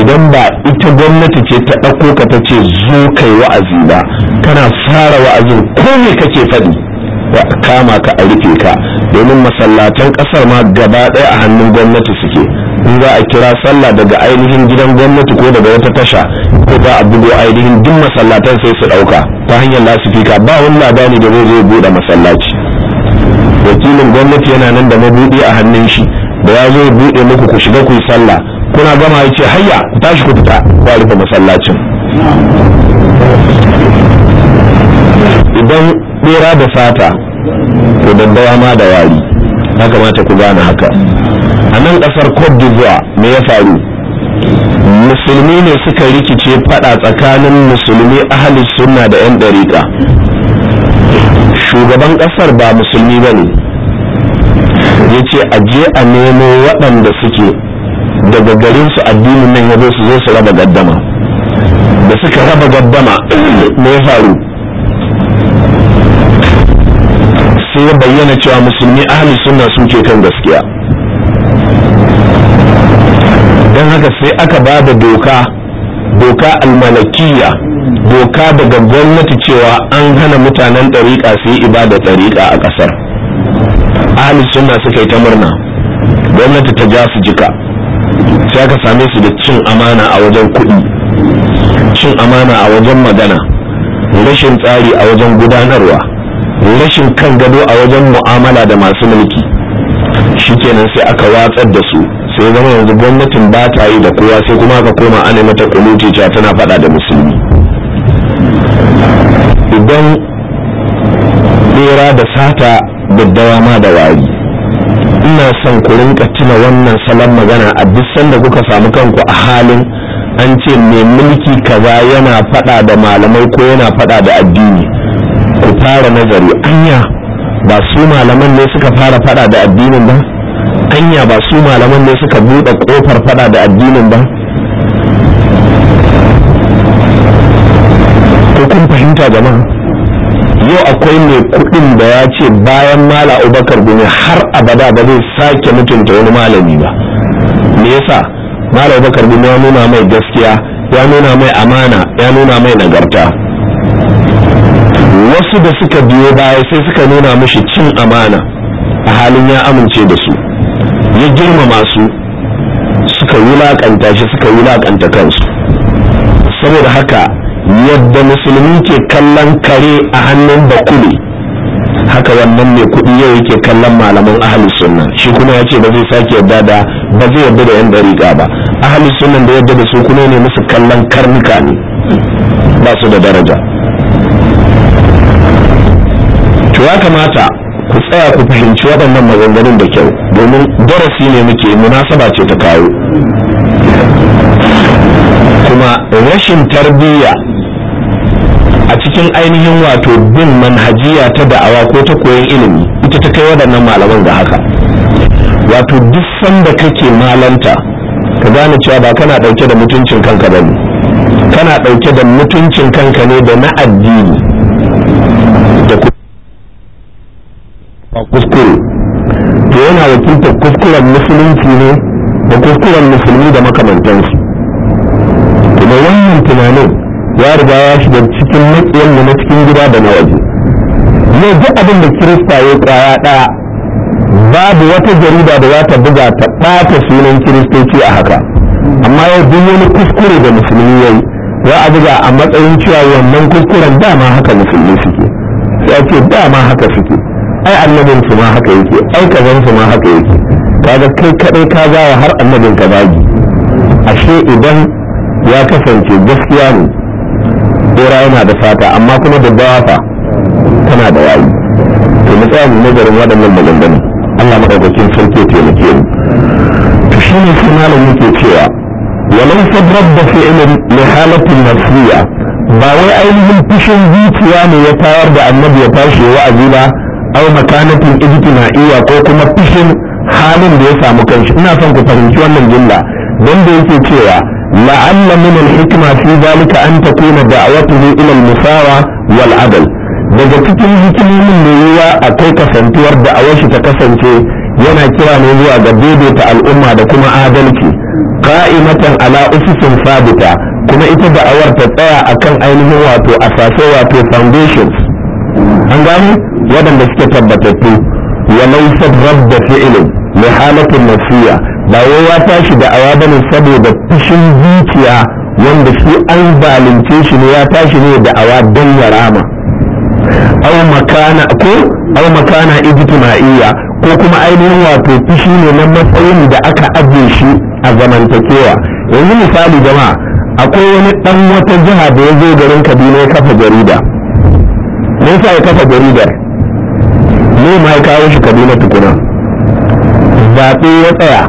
idan ba ita gwamnati ce ta ɗauko ka ta ce zo kai wa'azi ba kana fara wa'azin ko me kake faɗi kama ka a rufe ka domin masallatan ƙasar ma gaba ɗaya a hannun gwamnati suke in za a kira sallah daga ainihin gidan gwamnati ko daga wata tasha ko za a bugo ainihin duk masallatan sai su ɗauka ta hanyar lasifika ba wani labari da zai zai buɗe masallaci wakilin gwamnati yana nan da mabuɗi a hannun shi da ya zo buɗe muku ku shiga ku yi sallah kuna gama ya ce hayya ku tashi ku fita ku rufe masallacin idan bera da sata ku daddawa ma da wari na kamata ku gane haka a nan kasar cote d'ivoire me ya faru musulmi ne suka rikice fada tsakanin musulmi ahalus sunna da 'yan dariƙa shugaban kasar ba musulmi ba ne ya ce a je a nemo waɗanda suke daga garin su addinin nan ya su zo su raba gaddama da suka raba gaddama me ya faru sai bayyana cewa musulmi ahli sunna sun ke kan gaskiya don haka sai aka ba da doka doka almalakiya doka daga gwamnati cewa an hana mutanen ɗariƙa su yi ibada ɗariƙa a ƙasar ahalin suna suka yi ta murna gwamnati ta ja su jika sai aka same su da cin amana a wajen kuɗi cin amana a wajen magana rashin tsari a wajen gudanarwa rashin kan gado a wajen mu'amala da masu mulki shikenan sai aka watsar da su sai zama yanzu gwamnatin ba ta yi da kowa sai kuma aka koma ana mata kunuti cewa tana fada da musulmi idan bera da sata dawa ma da wari ina son ku rinka tuna wannan salon magana a bisan da kuka samu kanku a halin an ce mai mulki kaza yana fada da malamai ko yana fada da addini ku fara nazari anya ba su malaman ne suka fara fada da addinin ba anya ba su malaman ne suka buɗe kofar fada da addinin ba ko kun fahimta jama'a yau akwai mai kuɗin da ya ce bayan mala abubakar gumi har abada ba zai sake mutunta wani malami ba me yasa mala abubakar gumi ya nuna mai gaskiya ya nuna mai amana ya nuna mai nagarta wasu da suka biyo baya sai suka nuna mashi cin amana a halin ya amince da su ya girmama su suka wulakanta shi suka wulakanta kansu saboda haka yadda musulmi ke kallon kare a hannun bakule haka wannan mai kuɗi yau yake kallon malaman ahli sunna shi kuma ya ce ba zai sake yadda da ba zai yadda da yan dariƙa ba ahli sunan da yadda da su kuma ne musu kallon karnuka ne ba su da daraja to ya kamata ku tsaya ku fahimci waɗannan maganganun da kyau domin darasi ne muke munasaba ce ta kawo kuma rashin tarbiyya a cikin ainihin wato bin manhajiya ta da'awa ko ta koyon ilimi ita ta kai waɗannan malaman ga haka wato duk sanda kake malanta ka gane cewa ba kana ɗauke da mutuncin kanka ba ne kana ɗauke da mutuncin kanka ne da na addini da kuma ba kuskure to yana wakiltar kuskuren musulunci ne da kuskuren musulmi da makamantansu kuma wannan tunanin ya riga ya shiga cikin matsiyan na cikin gida da na waje yau duk abin da kirista ya kwaya ɗaya babu wata jarida da za ta buga ta ɓata sunan kiristoci a haka amma yau duk wani kuskure da musulmi yayi za a buga a matsayin cewa wannan kuskuren dama haka musulmi suke sai a ce dama haka suke ai annabin su ma haka yake ai kazan su ma haka yake kaga kai kadai ka zaya har annabin ka zagi ashe idan ya kasance gaskiya ne bera yana da fata amma kuma dabbawa fa tana da yayi to mu tsaya mu nazarin waɗannan maganganu Allah madaukakin sarki ya taimake mu to shine sai malam yake cewa walau sabrabba fi'lin li halatin nafsiyya ba wai ainihin fushin zuciya ne ya tayar da annabi ya tashi wa'azi ba au makanatin ijtima'iyya ko kuma fishin halin da ya samu kanshi ina son ku fahimci wannan jumla da yake cewa la'alla min al-hikma fi zalika an takuna da'watuhu ila al-musawa wal adl daga cikin hikimomin da yiwa akwai kasantuwar da shi ta kasance yana kira ne zuwa ga daidaita al'umma da kuma adalci qa'imatan ala ususin sabita kuma ita da'awar ta tsaya akan ainihin wato asasai wato foundations an gano waɗanda suke tabbatattu ya laysa rabba fi'ilin li halatin nasiya ba wai ya tashi da awa bane saboda fushin zuciya wanda shi an zalunce shi ne ya tashi ne da awa don ya rama aw makana ko aw makana ijtima'iyya ko kuma ainihin wato fushi ne na matsayin da aka ajiye shi a zamantakewa yanzu misali jama'a akwai wani dan wata jiha da ya zo garin Kaduna ya kafa jarida me yasa ya kafa jaridar ne ma ya kawo shi kaduna tukuna zaɓe ya tsaya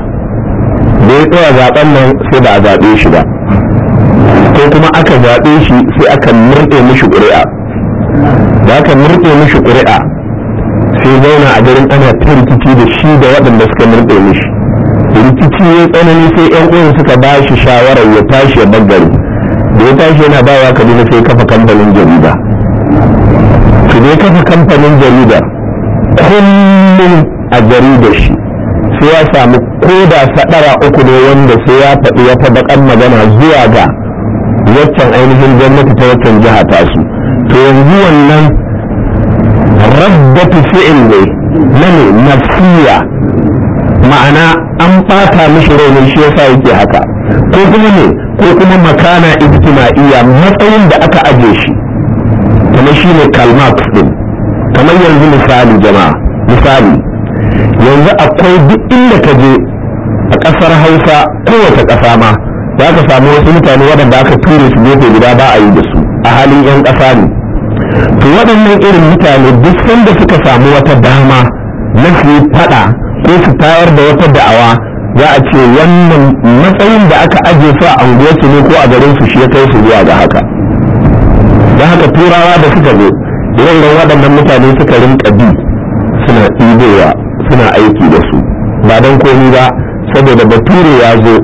da ya tsaya nan sai ba a zaɓe shi ba ko kuma aka zaɓe shi sai aka murɗe mishi ƙuri'a da aka murɗe mishi ƙuri'a sai zauna a garin ana ta rikici da shi da waɗanda suka murɗe mishi rikici ya tsanani sai yan uwan suka ba shi shawarar ya tashi ya bangare da ya tashi yana bawa kaduna sai kafa kamfanin jarida su ne kafa kamfanin jarida kullum a jaridar shi sai ya samu koda saɗara uku ne wanda sai ya faɗi wata bakan magana zuwa ga waccan ainihin gwamnati ta waccan jiha ta su to yanzu wannan rabbatu fi'il ne na ne nafsiya ma'ana an ɓata mishi raunin shi yasa yake haka ko kuma ne ko kuma makana ijtima'iyya matsayin da aka aje shi kamar shi ne kalmax din kamar yanzu misali jama'a misali yanzu akwai duk inda ka je a ƙasar hausa kowace ƙasa ma za ka samu wasu mutane waɗanda aka ture su gefe guda ba a yi da su a halin 'yan ƙasa ne to waɗannan irin mutane duk sanda suka samu wata dama na su yi faɗa ko su tayar da wata da'awa za a ce wannan matsayin da aka ajiye su a unguwarsu ne ko a garin su shi ya kai su zuwa ga haka da haka turawa da suka zo irin waɗannan mutane suka rinka bi suna ɗibowa suna aiki da su ba don komi ba saboda bature ya zo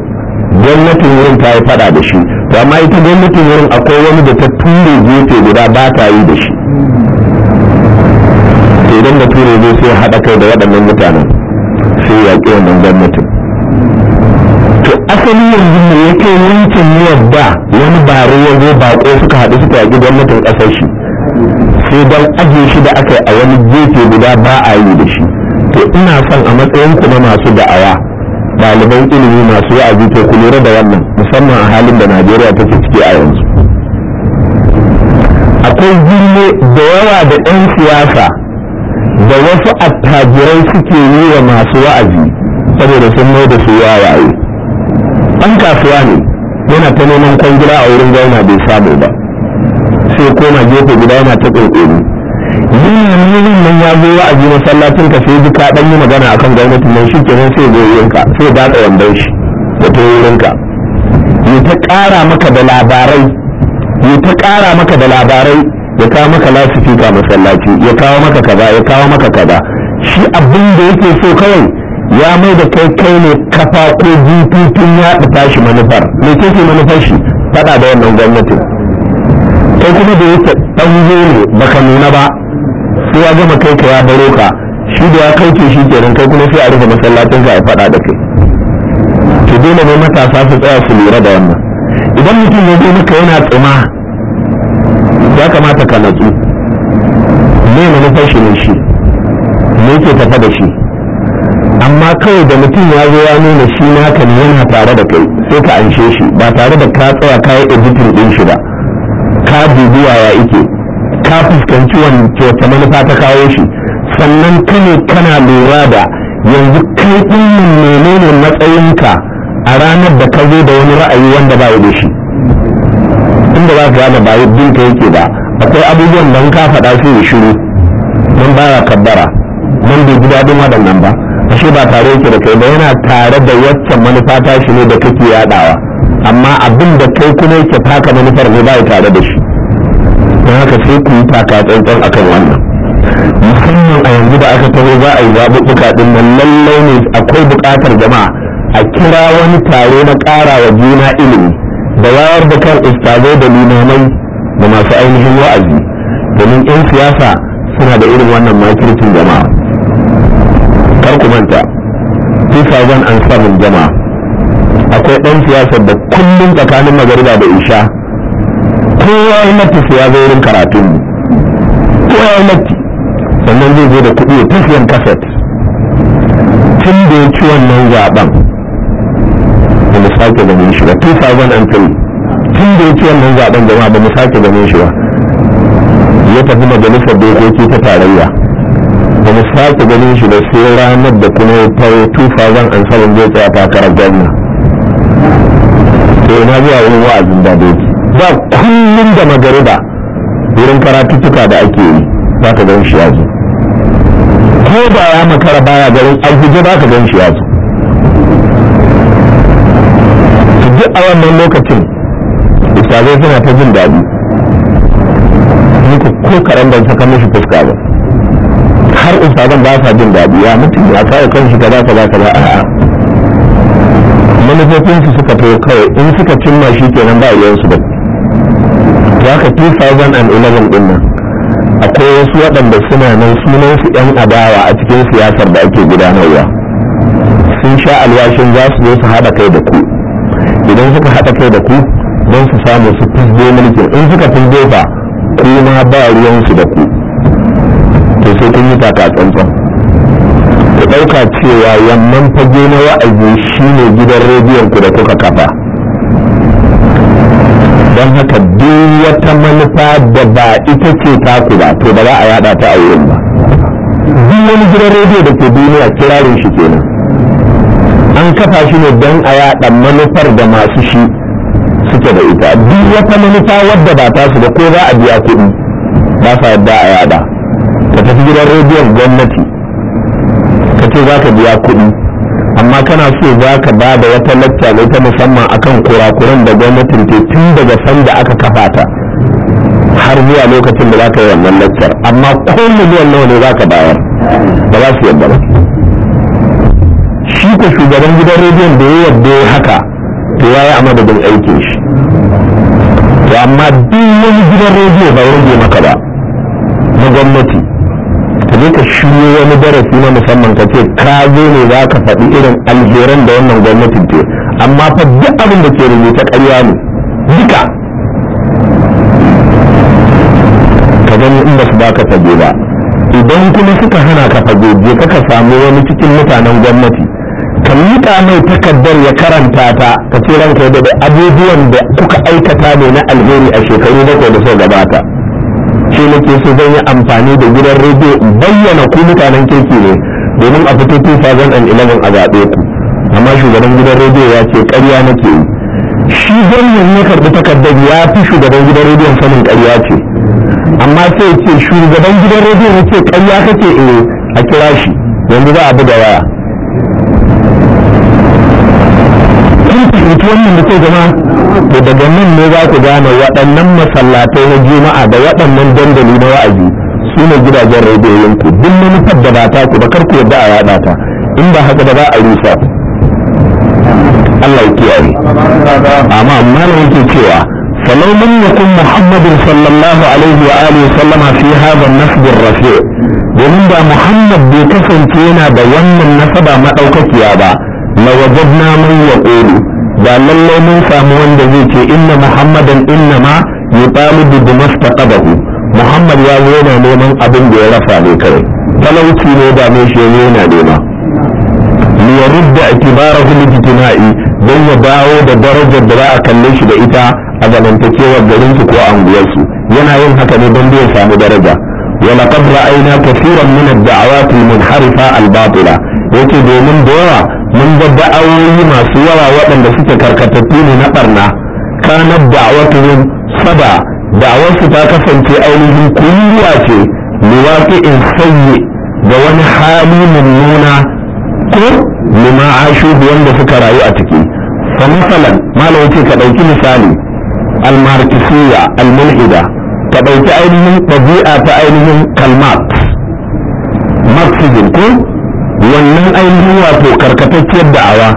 gwamnatin wurin ta yi fada da shi to amma ita gwamnatin wurin akwai wani da ta ture gefe guda ba ta yi da shi idan da ture zai sai haɗa kai da waɗannan mutanen sai yaƙi wannan gwamnatin asali yanzu ne ya kai wancan yadda wani bare ya zo bako suka haɗu suka yaƙi gwamnatin ƙasar shi sai don ajiye shi da aka yi a wani gefe guda ba a yi da shi to ina son a matsayin ku na masu da'awa ɗaliban ilimi masu wa'azi to ku lura da wannan musamman a halin da najeriya take ciki a yanzu akwai girme da yawa da 'yan siyasa da wasu attajirai suke yi wa masu wa'azi saboda sun mai da su wawaye dan kasuwa ne yana ta neman kwangila a wurin gwamna bai samu ba sai koma gefe guda yana ta ƙoƙari yana nuna nan ya zo wa'azi masallacin ka sai duka ɗan yi magana akan gwamnatin nan shi kenan sai zo yanka sai ka wandon shi da ta wurinka ya ta ƙara maka da labarai ya ta ƙara maka da labarai ya kawo maka lasifika masallaci ya kawo maka kaza ya kawo maka kaza shi abin da yake so kawai ya mai da kai kai ne kafa ko bututun ya tashi manufar me ke ke manufar shi fada da wannan gwamnati kai kuma da yake dan ne baka nuna ba sai ya gama kai ka ya baro ka shi da ya kauce shi kenan kai kuma sai a rufe masallacin ka ya fada da kai ki dole ne matasa su tsaya su lura da wannan idan mutum ya zo maka yana tsuma ya kamata ka natsu me manufar shi ne shi me ke tafa da shi amma kawai da mutum ya zo ya nuna shi naka ne yana tare da kai sai ka anshe shi ba tare da ka tsaya ka yi editing din shi ba ka dubi ya ike ka fuskanci wacce manufa ta kawo shi sannan ka ne kana lura da yanzu kai ɗinnin menene matsayinka a ranar da ka zo da wani ra'ayi wanda ba da shi inda za ka gane ba ka yake ba akwai abubuwan da ka faɗa su shiru don baya kabbara don bai ji wadannan waɗannan ba ashe ba tare yake da kai ba yana tare da waccan manufa ta shi ne da kake yadawa amma abin da kai kuma yake taka manufar ne bai tare da shi don haka sai ku yi taka tsantsan akan wannan musamman a yanzu da aka taho za a yi zaɓuɓɓuka ɗin nan lallai ne akwai buƙatar jama'a a kira wani tare na ƙara wa juna ilimi da wayar da kan ustazai da limamai da masu ainihin wa'azi domin 'yan siyasa suna da irin wannan makircin jama'a kan ku manta 2007 jama'a akwai ɗan siyasar da kullum tsakanin magariba da isha kowa ya mata ya zo wurin karatun mu kowa ya mata sannan zai zo da kuɗi ya tafiyan kaset tun da ya ci wannan zaben ba mu sake ganin shi ba 2003 tun da ya ci wannan zaben jama'a ba mu sake ganin shi ba ya tafi majalisar dokoki ta tarayya da mu sake ganin shi da sai ranar da kuma ya an 2007 zai tsaya takarar gwamna sai na zuwa wani wa'azin da doki ba kullum da magariba wurin karatuttuka da ake yi za ka gan shi yazo ko da ya makara baya garin alhuje za ka gan shi yazo duk a wannan lokacin ustazai suna ta jin daɗi ko karen ban saka shi fuska ba har ustazan ba sa jin daɗi ya mutum ya kawo kanshi kaza kaza kaza a manufofin su suka fi kawai in suka cimma shi kenan ba yawan su ba to haka 2011 din nan akwai wasu waɗanda suna nan sunan su yan adawa a cikin siyasar da ake gudanarwa sun sha alwashin za su zo su haɗa kai da ku idan suka haɗa kai da ku don su samu su zo mulkin in suka zo fa kuma ba su da ku to sai kun yi taka tsantsan ku ɗauka cewa yamman fage na wa'azi shine gidan rediyon ku da kuka kafa don haka duk wata manufa da ba ita ce ta ku ba to ba za a yada ta a wurin ba duk wani gidan rediyo da ke duniya kirarin shi kenan an kafa shi ne don a yada manufar da masu shi suke da ita duk wata manufa wadda ba su da ko za a biya kuɗi ba sa yadda a yada masu gidan rediyon gwamnati ka ce za ka biya kuɗi amma kana so za ka ba da wata lacca ne ta musamman akan kurakuran da gwamnatin ke tun daga sanda aka kafa ta har zuwa lokacin da za ka yi wannan laccar amma ko miliyan nawa ne za ka bayar ba za su yadda ba shi ko shugaban gidan rediyon da ya yadda haka to ya yi a madadin aikin shi to amma duk wani gidan rediyo ba ya rage maka ba na gwamnati je ka shiryo wani darasi na musamman ka ce ka zo ne za ka faɗi irin alheran da wannan gwamnatin ce amma fa duk abin da ke rubuta ƙarya ne duka ka gani in ba su fage ba idan kuma suka hana ka fage je ka ka samu wani cikin mutanen gwamnati ka miƙa mai takardar ya karanta ta ka ce ranka da abubuwan da kuka aikata ne na alheri a shekaru bakwai da suka gabata ce nake so zan yi amfani da gidan rediyo bayyana ku mutanen kirki ne domin a fito 2011 a zaɓe ku amma shugaban gidan rediyo ya ce ƙarya nake yi shi gwamnan ne karɓi takardar ya fi shugaban gidan rediyon sanin ƙarya ce amma sai ce shugaban gidan rediyo ya ce ƙarya kake eh a kira shi yanzu za a buga waya kun fahimci wannan da ke zama? to daga nan ne za ku gane waɗannan masallatai na juma'a da waɗannan dandali na wa'azi su ne gidajen rediyoyin ku duk manufar da ba ta ku ba kar ku yadda a yaɗa ta in ba haka ba za a rusa Allah ya kiyaye amma amma ne yake cewa فلو لم يكن محمد صلى الله عليه وآله وسلم في هذا النسب الرفيع domin da Muhammad bai kasance yana da wannan nasaba madaukakiya ba lawajadna man yaqulu da lallai mun samu wanda zai ce inna muhammadan inna ma yutalibu bi mastaqabahu muhammad ya zo yana neman abin da ya rasa ne kawai talauci ne da mai shi yana nema li yarudda itibarahu li ijtina'i dan ya dawo da darajar da za a kalle shi da ita a zamantakewar garin su ko anguwarsu yana yin haka ne don bai samu daraja ولقد رأينا كثيرا من الدعوات المنحرفة الباطلة yake domin da yawa mun ga da'awoyi masu yawa waɗanda suke karkatattu ne na barna kanar da'awatuhum sada da'awarsu ta kasance ainihin kuriya ce liwaƙi in sanye ga wani hali mummuna ko lima ashu wanda suka rayu a ciki fa masalan malam yace ka ɗauki misali al almulhida ka ɗauki ainihin ɗabi'a ta ainihin kalmat marxism ko wannan ainihin wato karkatacciyar da'awa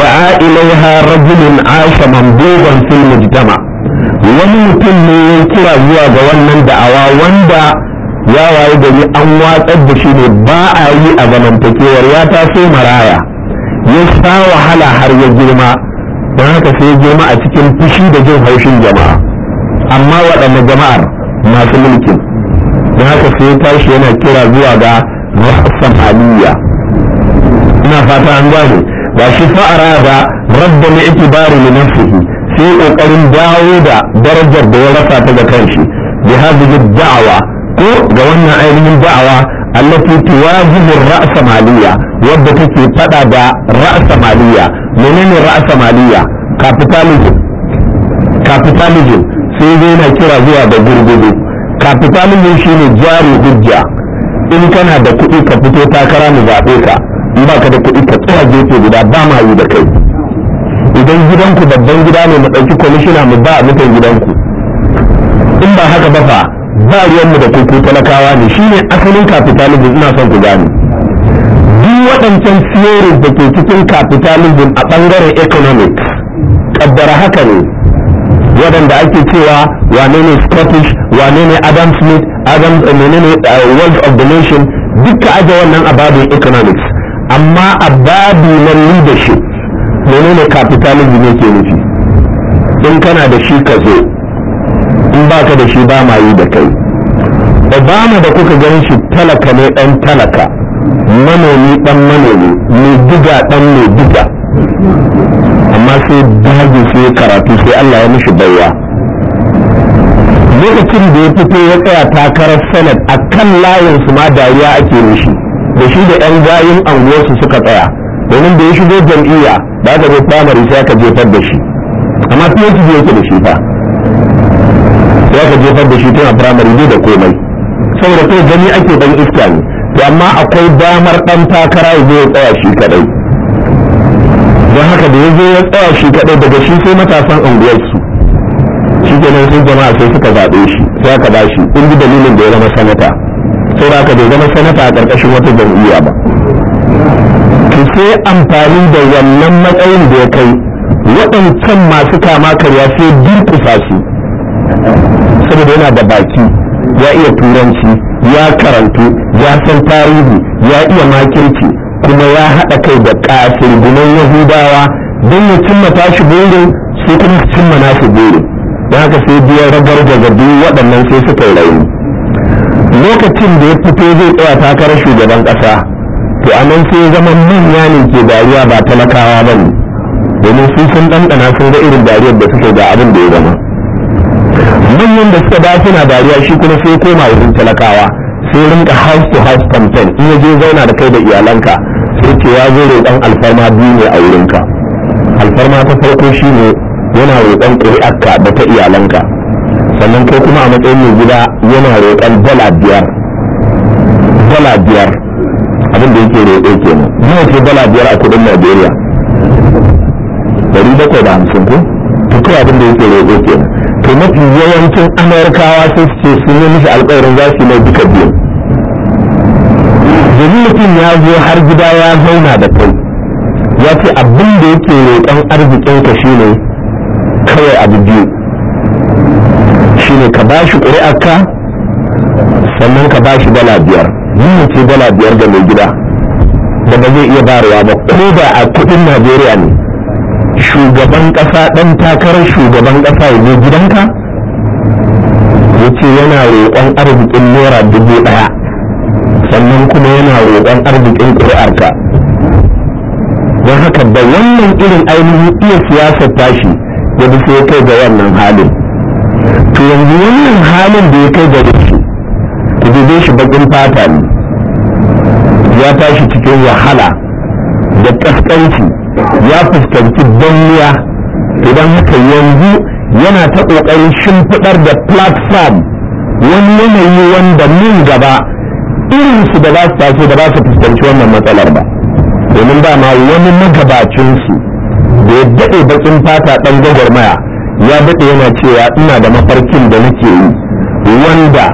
da'a ilaiha rajulun asha mamduban fil mujtama wani mutum ne ya kira zuwa ga wannan da'awa wanda ya waye gari an watsar da shi ne ba a yi a zamantakewar ya taso maraya ya sa wahala har ya girma don haka sai girma a cikin fushi da jin haushin jama'a amma waɗanne jama'ar masu mulkin don haka sai tashi yana kira zuwa ga masu samaniya ina fata an gane ba shi fa'ara ba radda li ne na nafsihi sai kokarin dawo da darajar da ya rasa ta ga kanshi bi hadhihi da'wa ko ga wannan ainihin da'awa allati tuwajibu ar-ra's maliya wadda take fada da ra's maliya menene ra's maliya capitalism capitalism sai dai na kira zuwa da gurgudu capitalism shine jari hujja in kana da kuɗi ka fito takara mu zaɓe ka in ba ka da kuɗi ka tsaya gefe guda ba ma yi da kai idan gidanku babban gida ne mu ɗauki kwamishina mu ba a mutan gidanku in ba haka ba fa ba ruwanmu da kuku talakawa ne shine asalin capitalism ina son ku gane duk waɗancan theories da ke cikin capitalism a ɓangaren economic ƙaddara haka ne waɗanda ake cewa wane ne scottish wane ne adam smith adam menene uh, world of the nation duka aje wannan a babin economics amma a babu na leadership menene capitalism ke nufi in kana da shi ka zo in baka da shi ba ma yi da kai obama da kuka gan shi talaka ne dan talaka manomi dan manomi mai diga dan mai diga amma sai daji sai karatu sai allah ya mishi baiwa lokacin da ya fito ya tsaya takarar senate a kan layinsu ma dariya ake mishi da shi da yan gayin anguwarsu suka tsaya domin da ya shigo jam'iyya ba ka zai primary sai ka jefar da shi amma sai yake je yake da shi fa sai ka jefar da shi tana a primary ne da komai saboda kai gani ake dan iska ne to amma akwai damar dan takara ya zo ya tsaya shi kadai don haka da ya zo ya tsaya shi kadai daga shi sai matasan unguwarsu shi kenan sun jama'a sai suka zaɓe shi sai aka ba shi in ji dalilin da ya zama sanata saboda ka bai zama sanata a ƙarƙashin wata jam'iyya ba ki sai amfani da wannan matsayin da ya kai waɗancan masu kama karya sai durkusa su saboda yana da baki ya iya turanci ya karantu ya san tarihi ya iya makirci kuma ya haɗa kai da gunan yahudawa don ya cimma tashi burin sai kuma cimma nasu burin don haka sai biyan ragar da waɗannan sai suka yi rauni lokacin da ya fito zai tsaya takarar shugaban ƙasa to a nan sai zama manya ne ke dariya ba talakawa ba ne domin su sun ɗanɗana sun ga irin dariyar da suke ga abin da ya zama manyan da suka ba suna dariya shi kuma sai koma wurin talakawa sai rinka house to house campaign in ya je zauna da kai da iyalanka sai ce ya zo roƙon alfarma biyu ne a wurinka alfarma ta farko shine yana roƙon ƙuri'arka da ta iyalanka sannan kai kuma a matsayin mai gida yana roƙon dala biyar dala biyar abin da yake ke kenan nawa ce dala biyar a kudin najeriya dari bakwai da hamsin ko to kai abin da yake roƙo kenan to mafi yawancin amurkawa sun ce sun yi mishi alƙawarin za su mai duka biyu yanzu mutum ya zo har gida ya zauna da kai ya ce abin da yake roƙon ka shine kawai abu biyu ka ba shi ƙuri'arka sannan ka ba shi dala biyar wannan ce dala biyar da mai gida da ba zai iya barewa ba ko da a kuɗin najeriya ne shugaban ƙasa ɗan takarar shugaban ƙasa ya je gidanka ya ce yana roƙon arzikin naira dubu ɗaya sannan kuma yana roƙon arzikin ƙuri'arka don haka da wannan irin ainihin iya siyasar tashi ya bi sai kai ga wannan halin to yanzu wannan halin da ya kai da su ku dube shi bakin fata ne ya tashi cikin wahala da kaskanci ya fuskanci danniya idan haka yanzu yana ta ƙoƙarin shimfiɗar da platform wani yanayi wanda min gaba irinsu da ba su taso da ba su fuskanci wannan matsalar ba domin ba ma wani magabacinsu da ya daɗe bakin fata ɗan gwagwarmaya ya daɗe yana cewa ina da mafarkin da nake yi wanda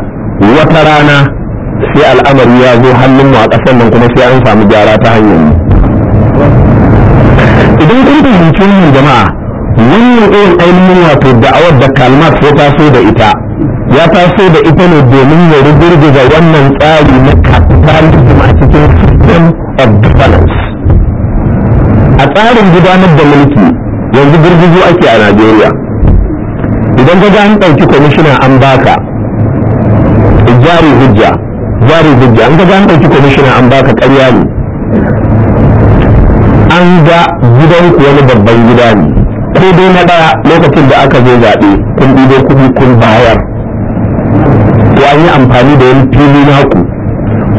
wata rana sai al'amari ya zo hannun mu a ƙasar nan kuma sai an samu gyara ta hanyar mu idan kun fahimci wannan jama'a wannan irin ainihin wato da'awar da kalmar ya taso da ita ya taso da ita ne domin ya rugurguza wannan tsari na capitalism a cikin system of governance a tsarin gudanar da mulki yanzu girgizo ake a najeriya idan ka ga an ɗauki kwamishina an baka jari hujja jari hujja an ka ga an ɗauki kwamishina an baka ƙarya ne an ga gidanku wani babban gida ne ko dai na ɗaya lokacin da aka zo zaɓe kun ɗibo kuɗi kun bayar ko an yi amfani da wani fili naku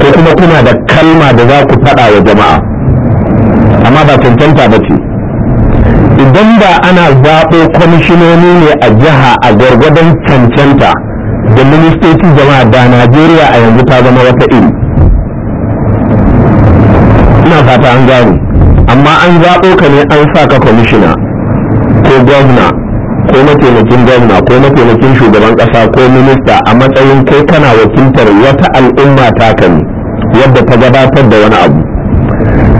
ko kuma kuna da kalma da za ku faɗa wa jama'a amma ba cancanta ba ce idan ba ana zaɓo kwamishinoni ne a jiha a gwargwadon cancanta da ministoci jama'a da najeriya a yanzu ta zama wata iri ina fata an gano, amma an zaɓo ka ne an sa ka kwamishina ko gwamna ko mataimakin gwamna ko mataimakin shugaban ƙasa ko minista a matsayin kai kana wakiltar wata al'umma taka ne yadda ta gabatar da wani abu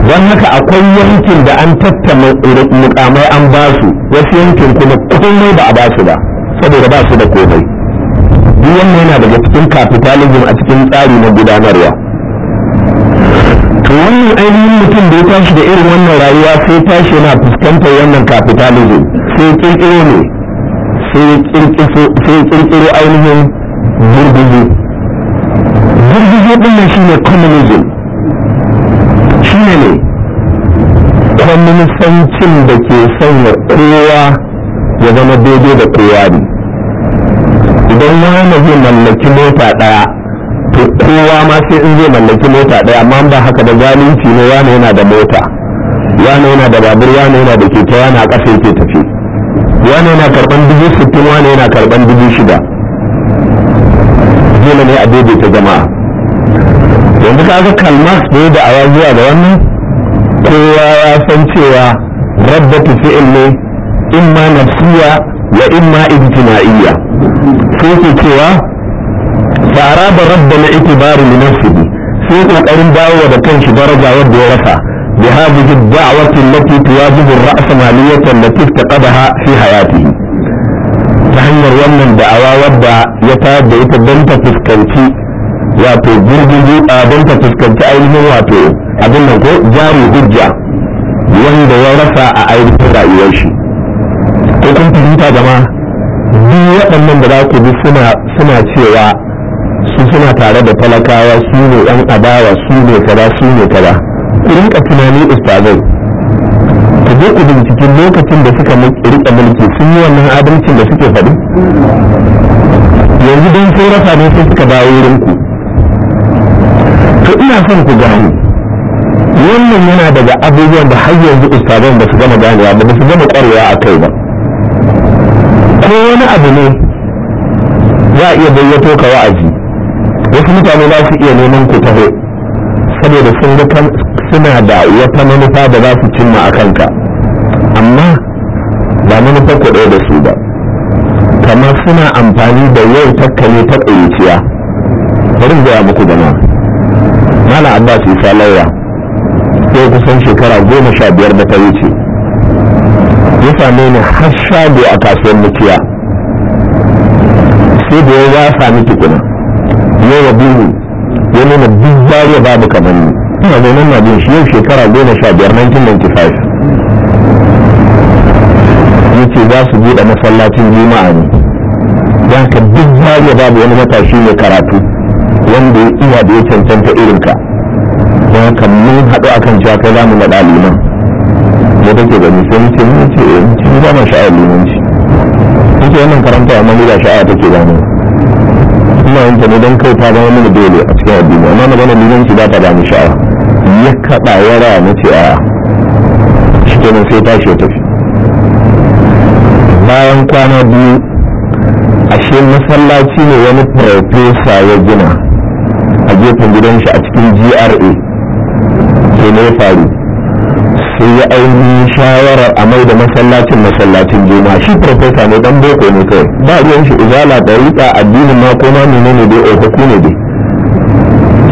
don haka akwai yankin da an tattama mukamai an ba su wasu yankin kuma komai ba a ba su ba saboda ba su da komai duk wannan yana daga cikin capitalism a cikin tsari na gudanarwa to wannan ainihin mutum da ya tashi da irin wannan rayuwa sai tashi yana fuskantar wannan capitalism sai kirkiro ne sai kirkiro ainihin gurguzu ɗin din shi shine communism ne kwaminsancin da ke sanya kowa ya zama daidai da kowa ne idan wani zai mallaki mota ɗaya to kowa ma sai in zai mallaki mota ɗaya amma ba haka da zalunci ne wani yana da mota wani yana da babur wani yana da keke wani a ƙasa yake tafi wani yana karɓan dubu sittin wani yana karɓan dubu shida dole ne a daidaita jama'a yanzu kaga kalma da ya da'awa zuwa ga wannan kowa ya san cewa rabba tafi ne imma nafsiya wa imma ijtima'iyya sai ke cewa fara da rabbana itibaru li nafsihi sai kokarin dawo da kanshi daraja wadda ya rasa bi hadhihi ad-da'wati allati tuwajibu ar-ra's maliyatan ta iftaqadaha fi hayatihi ta hanyar wannan da'awa wadda ya tayar da ita don ta fuskanci wato gurgudu don ta fuskanci ainihin wato abin nan ko jari hujja wanda ya rasa a ainihin rayuwar shi ko kun fahimta jama'a duk waɗannan da za ku bi suna cewa su suna tare da talakawa su ne yan adawa su ne kaza su ne kaza ku rinka tunani ustazai ku je ku binciki lokacin da suka rika mulki sun yi wannan adalcin da suke faɗi yanzu don sun rasa ne sai suka dawo wurin ku to ina son ku gane wannan yana daga abubuwan da har yanzu ustazan ba su gama ganewa ba ba su gama kwarewa a kai ba ko wani abu ne za a iya bayyato ka wa'azi wasu mutane za su iya neman ku taho saboda sun ga suna da wata manufa da za su cimma a kanka amma ba manufa ku ɗaya da su ba kamar suna amfani da yau takkane ta ƙayyuciya bari gaya muku jama'a mana abbas isa lauya sai kusan shekara goma sha biyar da ta wuce ya same ni har shago a kasuwar mukiya sai da ya sami tukuna ya wa biyu ya nuna duk zariya babu kamar ni ina zaune na bin shi yau shekara goma sha biyar 1995 ya ce za su buɗe masallacin juma'a ne don ka duk zariya babu wani matashi mai karatu wanda ya iya da ya cancanta irinka don haka haɗu akan cewa kai za mu naɗa liman ya take da nisan ce mun ce in ci ba ma sha'awar limanci in ce wannan karanta amma ni ba sha'awa take ba mu ina yin ta ne don kai ta zama mini dole a cikin addini amma na bana limanci ba ta bani sha'awa ya kaɗa ya raya na ce a cikin sai ta ya tafi bayan kwana biyu ashe masallaci ne wani farfesa ya gina gefen gidan shi a cikin gra sai ne ya faru sai ya ainihin shawarar a mai da masallacin masallacin juma shi farfesa ne dan boko ne kawai ba ruwan shi izala ɗariƙa addinin ma ko ma menene dai otaku eh, ne dai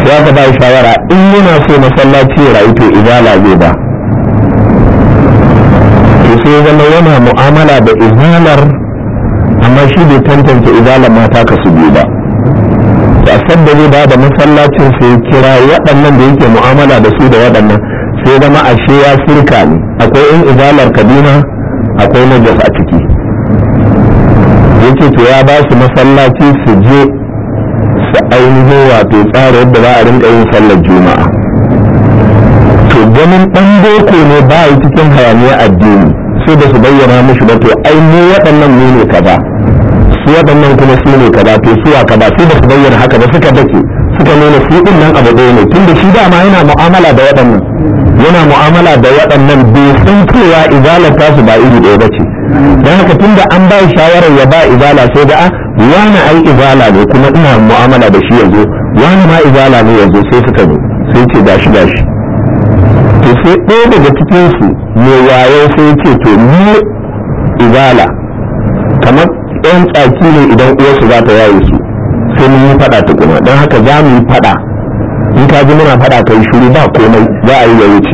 sai aka ba shawara in yana so masallaci ya rayu to izala zai ba sai zama yana mu'amala da izalar amma shi bai tantance izalar mata ka su biyu ba da zai ba da masallacin sai kira waɗannan da yake mu'amala da su da waɗannan sai zama ashe ya firka ne akwai in izalar kaduna akwai najas a ciki yake to ya ba su masallaci su je su ainihin wato tsara yadda za a rinka yin sallar juma'a to ganin ɗan boko ne ba a yi cikin hayaniya addini sai da su bayyana mishi ba to ainihin waɗannan ne ne kaza su waɗannan kuma su ne kaza to su wa kaza su da su bayyana haka ba suka dake suka nuna su din nan abu ɗaya ne da shi dama yana mu'amala da waɗannan yana mu'amala da waɗannan bai san cewa ta su ba iri ɗaya ba ce don haka tun da an ba shawarar ya ba izala sai da a ah, wani ai izala ne kuma ina mu'amala da shi yanzu wani ma izala ne yanzu sai suka zo sai ce gashi gashi to sai ɗaya daga cikinsu mai wayo sai ce to ni izala kamar Ɗan tsaki ne idan uwarsu za ta yaye su sai mun yi faɗa tukuna don haka za mu yi faɗa in ka ji muna faɗa kai shuru ba komai za a yi ya wuce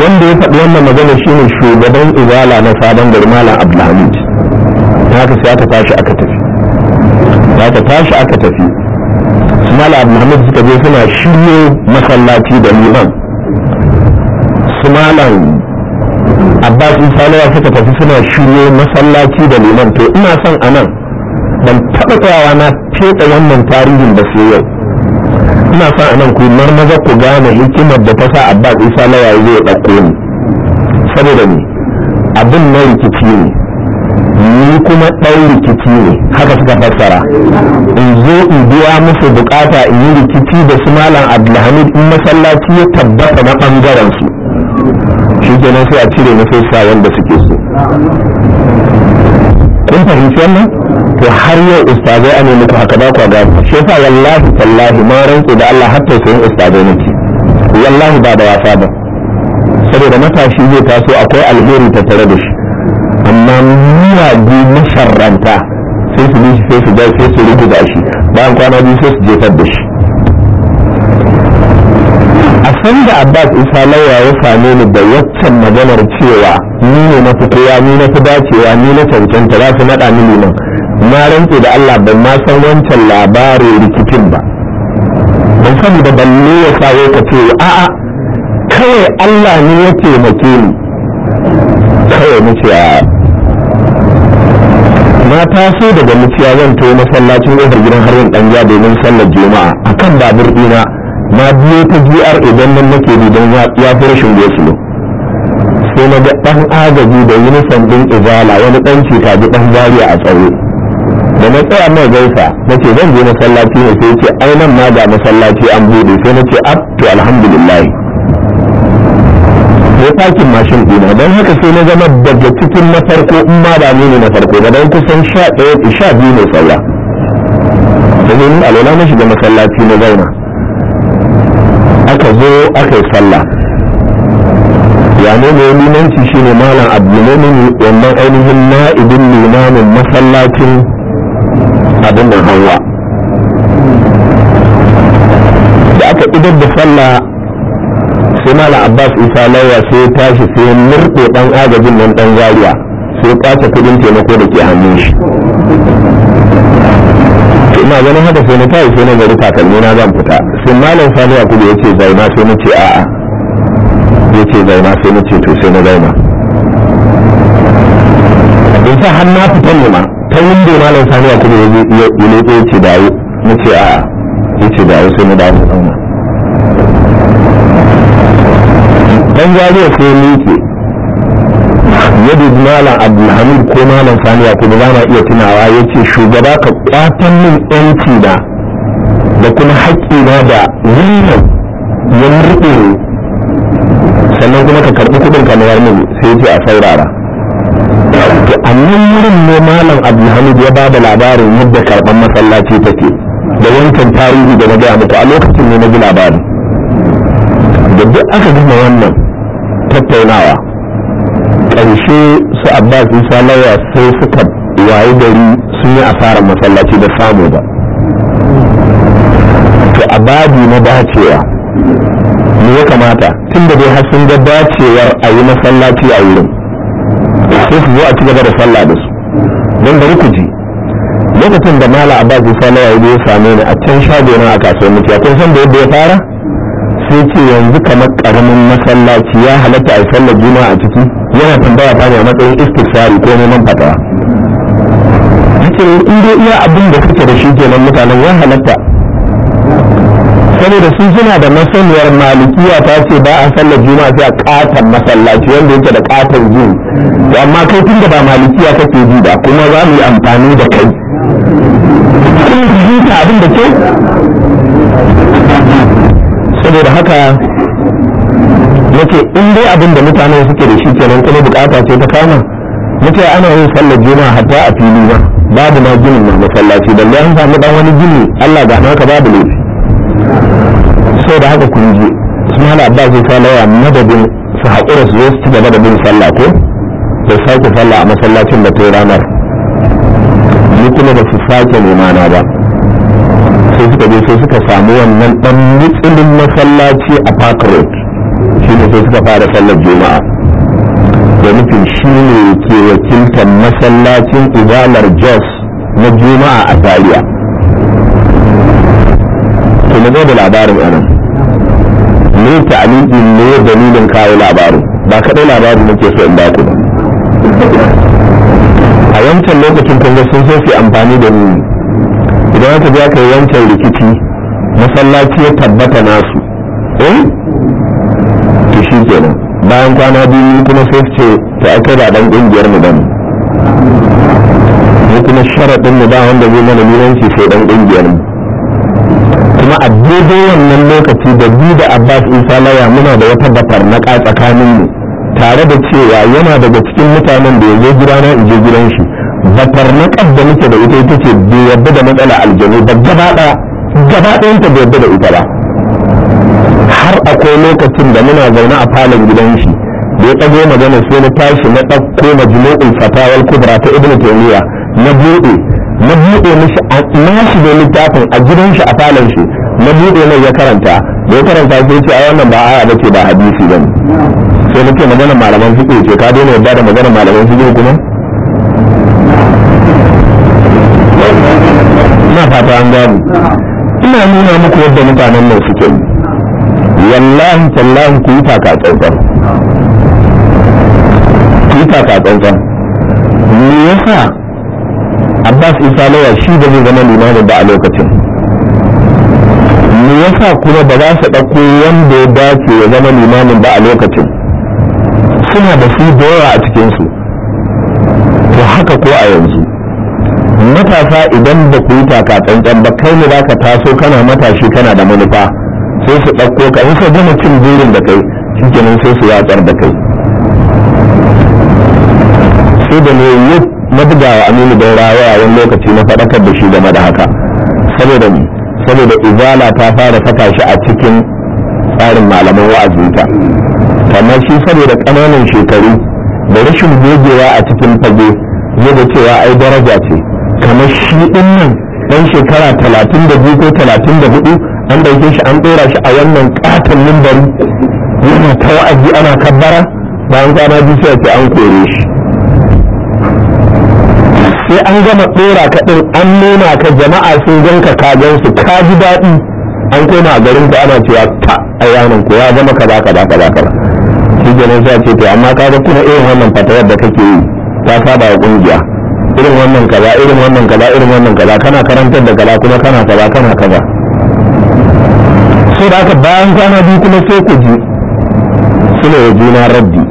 wanda ya faɗi wannan magana ne shugaban izala na sabon gari malam abdulhamid haka sai ta tashi aka tafi ta tashi aka tafi su malam abdulhamid suka je suna shirye masallaci da liman su malam abbas in salawa suka tafi suna shirye masallaci da liman to ina son a nan ban taɓa tsayawa na fetsa wannan tarihin da sai yau ina son a nan ku marmaza ku gane hikimar da ta sa abbas in salawa ya zo ya ɗauko ni saboda ni abin na rikici ne ni kuma ɗan rikici ne haka suka fassara in zo in biya musu bukata in yi rikici da su malam abdulhamid in masallaci ya tabbata na ɓangaren su shi kenan sai a cire na sai sa wanda suke so kun fahimci wannan to har yau ustazai a ne muku haka ba kwa gani shi yasa wallahi tallahi ma rantsu da Allah har tausayin ustazai nake wallahi ba da wasa ba saboda matashi zai taso akwai alheri ta tare da shi amma bi masharranta sai su bi shi sai su sai su rubuta shi bayan kwana biyu sai su jefar da shi san da abbas isa lauya ya same ni da waccan maganar cewa ni ne na fitowa ni na fi dacewa ni na cancanta za su naɗa ni nan na rantse da allah ban ma san wancan labarin rikicin ba ban sani da balle ya sawo ka ce a'a kawai allah ne ya taimake ni kawai na ce na taso daga muciya zan to masallacin kofar gidan harin danja domin sallar juma'a akan babur dina na biyo ta GR idan nan nake bi don ya fi rashin gosulo sai na ga ɗan agaji da uniform ɗin izala wani ɗan cuta bi ɗan Zaria a tsaye da na tsaya mai gaisa na ce zan je masallaci ne sai ce ai nan na ga masallaci an buɗe sai na ce ab to alhamdulillah ya takin mashin ɗina don haka sai na zama daga cikin na farko in ma ba ne na farko ga don kusan sha ɗaya sha biyu ne sallah da domin alwala na shiga masallaci na zauna aka zo aka yi sallah yane mai limanci shine malam abdulmumin wannan ainihin na'ibin limamin masallacin abin da hawa da aka idar da sallah sai malam abbas isa lawa sai tashi sai murɗe dan agajin nan ɗan zariya sai kwace kudin taimako da ke hannun shi ina ganin haka sai na tayi sai na gari takalmi na zan fita sai malam sani a kudu yace ma sai na ce a'a yace zaina sai nace to sai na zai ma in sa har na fita ne ma ta windo malam sani a kudu ya leƙo yace dawo na ce a'a yace dawo sai na dawo zauna dan jariya sai ya miƙe yadda malam abdulhamid ko malam saniya kuma ba za iya tunawa ya ce shugaba ka kwatan min yanci na da kuma haƙƙi na da wannan ya murɗe sannan kuma ka karɓi kuɗin ka mayar min sai ce a saurara to annan wurin ne malam abdulhamid ya ba da labarin yadda karɓar masallaci take da wancan tarihi da na gaya muku a lokacin ne na ji labarin da duk aka gama wannan tattaunawa ƙarshe su abbas isa salawa sai suka wayi gari sun yi asarar masallaci da samu ba to a na dacewa ne ya kamata tun da dai har sun ga dacewar a yi masallaci a wurin sai su zo a ci gaba da sallah da su don da ku ji lokacin da mala abbas isa salawa ya same ni a can shago na a kasuwanci a kun san da yadda ya fara sai ce yanzu kamar karamin masallaci ya halatta a yi sallar juma'a a ciki yana tambaya ta ne a matsayin istisari ko neman fatawa ce eh, in dai iya abin da kake da shi kenan mutanen ya halatta saboda sun suna da masaniyar malikiya ta ce ba a sallar juma'a sai a katon masallaci wanda yake da katon jin to amma kai tun da ba malikiya kake ji ba kuma za mu yi amfani da kai kun ji abin da ke saboda haka nace in dai abin da mutanen suke da shi kenan kuma bukata ce ta kama nace ana yin sallar juma'a hatta a fili ba babu ma ginin na masallaci balle an samu dan wani gini Allah ga naka babu ne. sau da haka kun ji Usman Abbas ya kawo lawa madadin su haƙura su zo su ci gaba da bin sallah ko da sake sallah a masallacin da ta ranar ni kuma ba su sake nemana ba sai suka je sai suka samu wannan dan mutsulin masallaci a Park Road sai suka fara sallar juma'a da nufin shi ne ke wakiltar masallacin izalar jos na juma'a a Tariya. to na da labarin anan ne ta'alibin ne dalilin kawo labarin ba kaɗai labarin nake so in baku a yancan lokacin kunga sun so su amfani da ni idan aka biya ka yi yancan rikici masallaci ya tabbata nasu eh shi kenan bayan kwana biyu kuma sai ce ta aka da dan kungiyar mu dan ne kuma sharadin mu ba wanda zai mana liranci sai dan kungiyar mu kuma a daidai wannan lokaci da bi da Abbas Isa laya muna da wata batar na ka tsakanin mu tare da cewa yana daga cikin mutanen da ya zo na in je gidan shi batar na da muke da ita ita ce bai yadda da matsala aljanu ba gaba daya gaba ɗayanta bai yarda da ita ba har akwai lokacin da muna zaune a falon gidan shi da ya ɗago magana sai na tashi na ɗauko majmu'ul fatawar kubra ta ibnu taymiya na buɗe na buɗe mishi na shi da littafin a gidan shi a falon shi na buɗe mai ya karanta da ya karanta sai ce a wannan ba aya bace ba hadisi bane sai nake magana malaman fiqh ce ka daina yarda da magana malaman fiqh kuma ina fata an gano ina nuna muku yadda mutanen nan suke yi wallahi tallahi ku yi taka tsantsan ku yi taka tsantsan me yasa Abbas Isa Lawa shi da zai zama limamin da a lokacin me yasa kuma ba za su ɗauko wanda ya dace ya zama limamin ba a lokacin suna da su dora a cikinsu to haka ko a yanzu matasa idan ba ku yi taka tsantsan ba kai ne za ka taso kana matashi kana da manufa sai su ɗauko ka in sai gama cin burin da kai shikenan sai su yatsar da kai sai da ne yi na wa aminu don rawaya wani lokaci na faɗakar da shi game da haka saboda saboda izala ta fara saka shi a cikin tsarin malaman wa'azinta kamar shi saboda ƙananan shekaru da rashin gogewa a cikin fage zai cewa ai daraja ce kamar shi ɗin nan ɗan shekara talatin da biyu ko talatin da hudu an dauke shi an dora shi a wannan katon mimbari yana ta wa'azi ana kabbara bayan kwana biyu sai ce an kore shi sai an gama tsora ka an nuna ka jama'a sun ganka ka gan su ka ji daɗi an koma a garin ka ana cewa ta a yanan ku ya zama kaza kaza kaza kaza shi kenan sai ce to amma kaga kuma irin wannan fatawar da kake yi ta saba wa kungiya irin wannan kaza irin wannan kaza irin wannan kaza kana karantar da kaza kuma kana kaza kana kaza sai da aka bayan kwana biyu kuma sai ku je suna wa juna rabbi.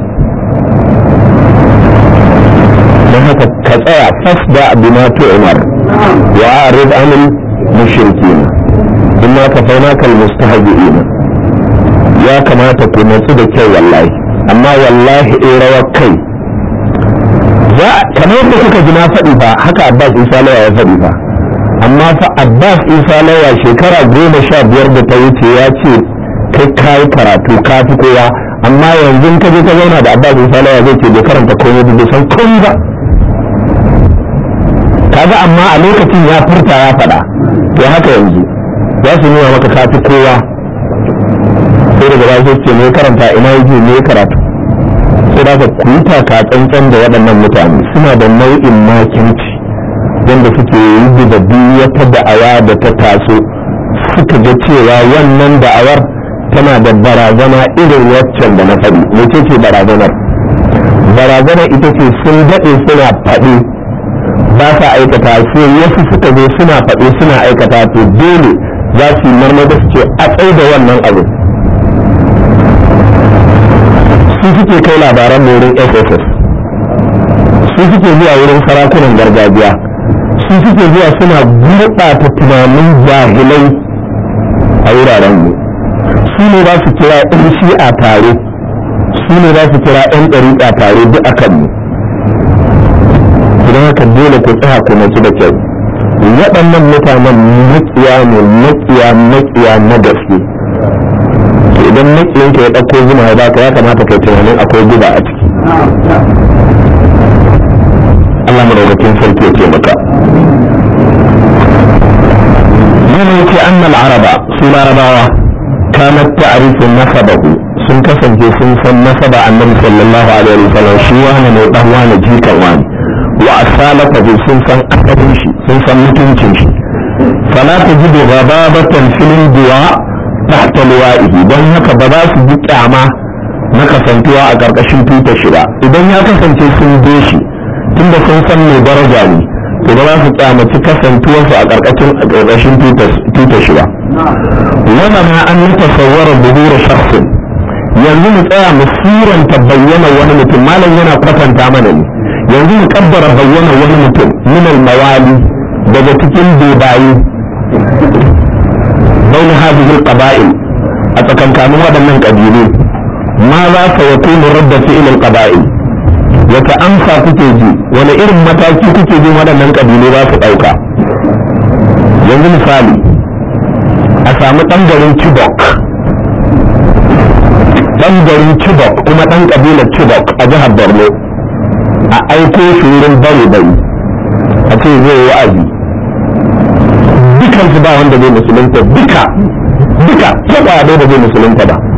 don haka ka tsaya fas fasda bima to umar wa a amin arid anil mushrikin inna kafainaka almustahzi'in ya kamata ku matsu da kyau wallahi amma wallahi in rawar kai za kamar yadda kuka ji na faɗi ba haka abbas isa ya faɗi ba amma fa abbas isa lawa shekara goma sha biyar da ta wuce ya ce kai kayi karatu ka fi kowa amma yanzu ka je ka zauna da abbas isa lawa zai ce bai karanta komai bai san komai ba kaga amma a lokacin ya furta ya faɗa to haka yanzu za su nuna maka ka kowa sai daga ba su ce mai karanta ina yake mai karatu sai da ka kuta ka tsantsan da waɗannan mutane suna da nau'in makinci wanda suke yi da biyu wata da'awa da ta taso suka ga cewa wannan da'awar tana da barazana irin waccan da na faɗi mece ce barazanar barazana ita ce sun daɗe suna faɗi ba sa aikata sai wasu suka zo suna faɗi suna aikata to dole za su yi marmada su ce a tsaye da wannan abu su suke kai labaran morin sss su suke zuwa wurin sarakunan gargajiya su suke zuwa suna gurɓata tunanin jahilai a wuraren mu su ne za su kira ɗan a tare su ne za su kira ɗan ɗariƙa tare duk kan mu idan haka dole ku tsaya ku mace da kyau waɗannan mutanen maƙiya ne maƙiya maƙiya na gaske to idan maƙiyanka ya ɗauko zuma ya ka ya kamata kai tunanin akwai guba a ciki Allah madaukakin sarki ya taimaka yana yake annal araba su larabawa kanat ta'rifu nasabahu sun kasance sun san nasaba annabi sallallahu alaihi sallam shi wani ne dan wani jikan wani wa asalata sun san asalin shi sun san mutuncin shi فلا تجد غبابة في الانبواء تحت لوائه Idan haka ba za su ji kyama na kasantuwa a ƙarƙashin tutar shi ba idan ya kasance sun je shi tunda sun san mai daraja ne to ba za su kyamaci kasantuwarsu a ƙarƙashin a ƙarƙashin tuta shi ba wanda ma an yi tasawwarar buhura shakhsin yanzu mu tsaya mu suranta bayyana wani mutum malam yana kwatanta mana ne yanzu mu kaddara bayyana wani mutum minal mawali daga cikin dubayi bain hadhihi ƙaba'in a tsakankanin waɗannan ƙabilu ma za ta yakunu radda fi'il ƙaba'in. wata amsa kuke ji wani irin mataki kuke jin waɗannan ƙabilu za su ɗauka yanzu misali a sami ɗangarin garin chibok ɗan kuma ɗan ƙabilar chibok a jihar borno a aiko shi wurin bari bari a ce zai yi wa'azi dukansu ba wanda zai musulunta duka duka ba da zai musulunta ba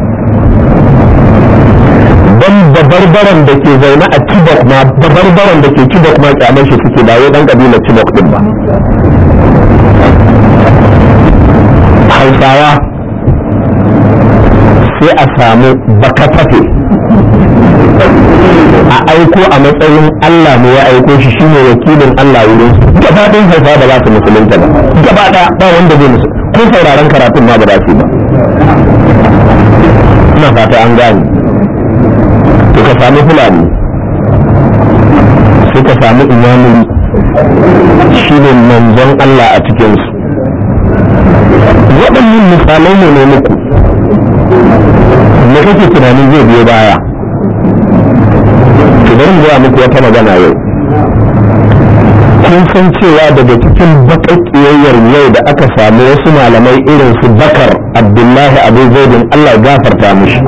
dan babarbaran da ke zaune a Chibok ma babarbaran da ke Chibok ma kyamar shi suke ba wai dan kabilar Chibok din ba Hausawa sai a samu bakatafe a aiko a matsayin Allah ne ya aiko shi shine wakilin Allah wurin su gaba ɗin haifa da za su musulunta ba gaba ɗaya ba wanda zai musu ko sauraron karatun ma ba za su ba ina fata an gane suka sami fulani suka sami imanin shi ne manzon Allah a cikinsu waɗannan misalai ne ne muku me kake tunanin zai biyo baya ki bari zuwa muku wata magana yau kun san cewa daga cikin baƙaƙiyayyar yau da aka sami wasu malamai irin su bakar abdullahi abu zaidin allah gafarta mishi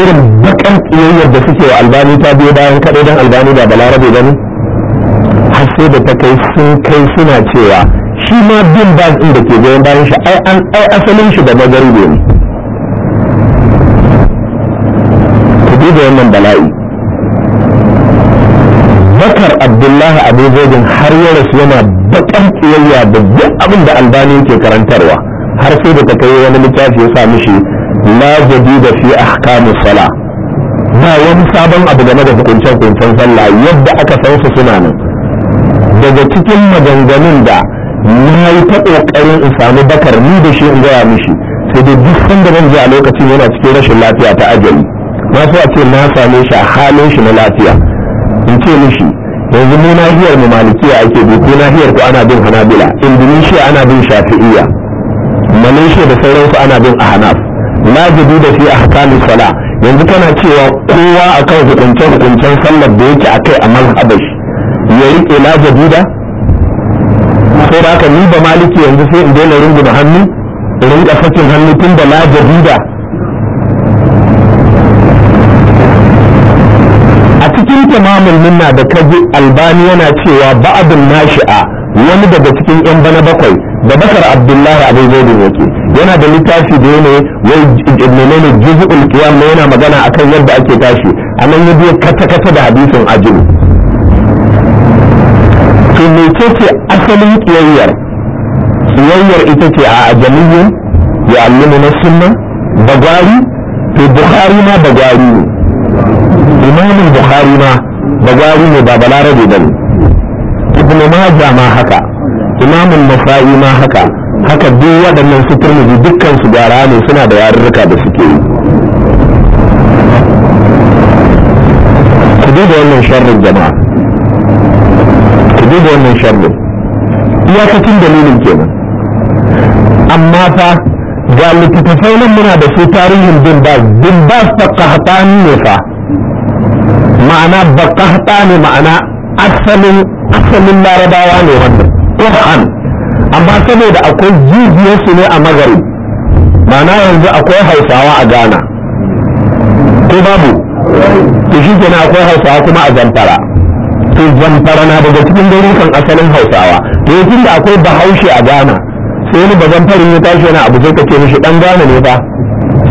irin bakan tsiyayyar da suke wa albani ta biyo bayan kaɗai don albani da balarabe ba ne har sai da ta kai sun kai suna cewa shi ma bin baz da ke goyon bayan shi ai an ai asalin shi da magaribe ne ku duba wannan bala'i bakar abdullahi abu zaidin har ya rasu yana bakan tsiyayya da duk abin da albani yake karantarwa har sai da ta kai wani littafi ya sa mishi la jadida fi ahkamus sala ba wani sabon abu game da hukuncen hukuncen sallah yadda aka san su suna nan daga cikin maganganun da na yi ta in samu bakar ni da shi in gaya mishi sai dai duk sanda ban je a lokacin yana cikin rashin lafiya ta ajali na so a ce na same shi a halin shi na lafiya in ce mishi yanzu mu nahiyar mu malikiya ake bi ko nahiyar ku ana bin hanabila indonesia ana bin shafi'iya malaysia da sauransu ana bin na la da fi ahkamis sala yanzu tana cewa kowa akan hukunce hukuncen sallar da yake akai a mazhabar ya rike la da sai da ni maliki yanzu sai in daina runguna hannu in rinka sakin hannu tun da la da a cikin tamamin minna da kaji albani yana cewa nashi nashi'a wani daga cikin yan bana bakwai da bakar abdullahi abu zaidu yake yana da littafi da yana wai menene juz'ul ulkiyar ma yana magana a kan yadda ake tashi a nan ya biyo kata kata da hadisin ajin to me ce asalin kiyayyar kiyayyar ita ce a ajamiyyin ya allimu na sunna bagwari to bukhari ma bagwari ne imamin bukhari ma bagwari ne ba balarabe bane ibn majah ma haka imamun nasa'i ma haka haka duk waɗannan su turmiji dukkan su gara ne suna da yarurruka da suke yi ku duba wannan sharrin jama'a ku duba wannan sharrin iyakacin dalilin kenan amma fa ga littattafai nan muna da su tarihin dimbas dimbas ta kahatani ne fa ma'ana ba ne ma'ana asalin asalin larabawa ne wannan ƙur'an amma saboda akwai jijiyarsu ne a magari mana yanzu akwai hausawa a ghana ko babu to shi kenan akwai hausawa kuma a zamfara to zamfara na daga cikin garurukan asalin hausawa to ya da akwai bahaushe a ghana sai wani bazan farin ya tashi yana abu zai kace mishi dan ghana ne fa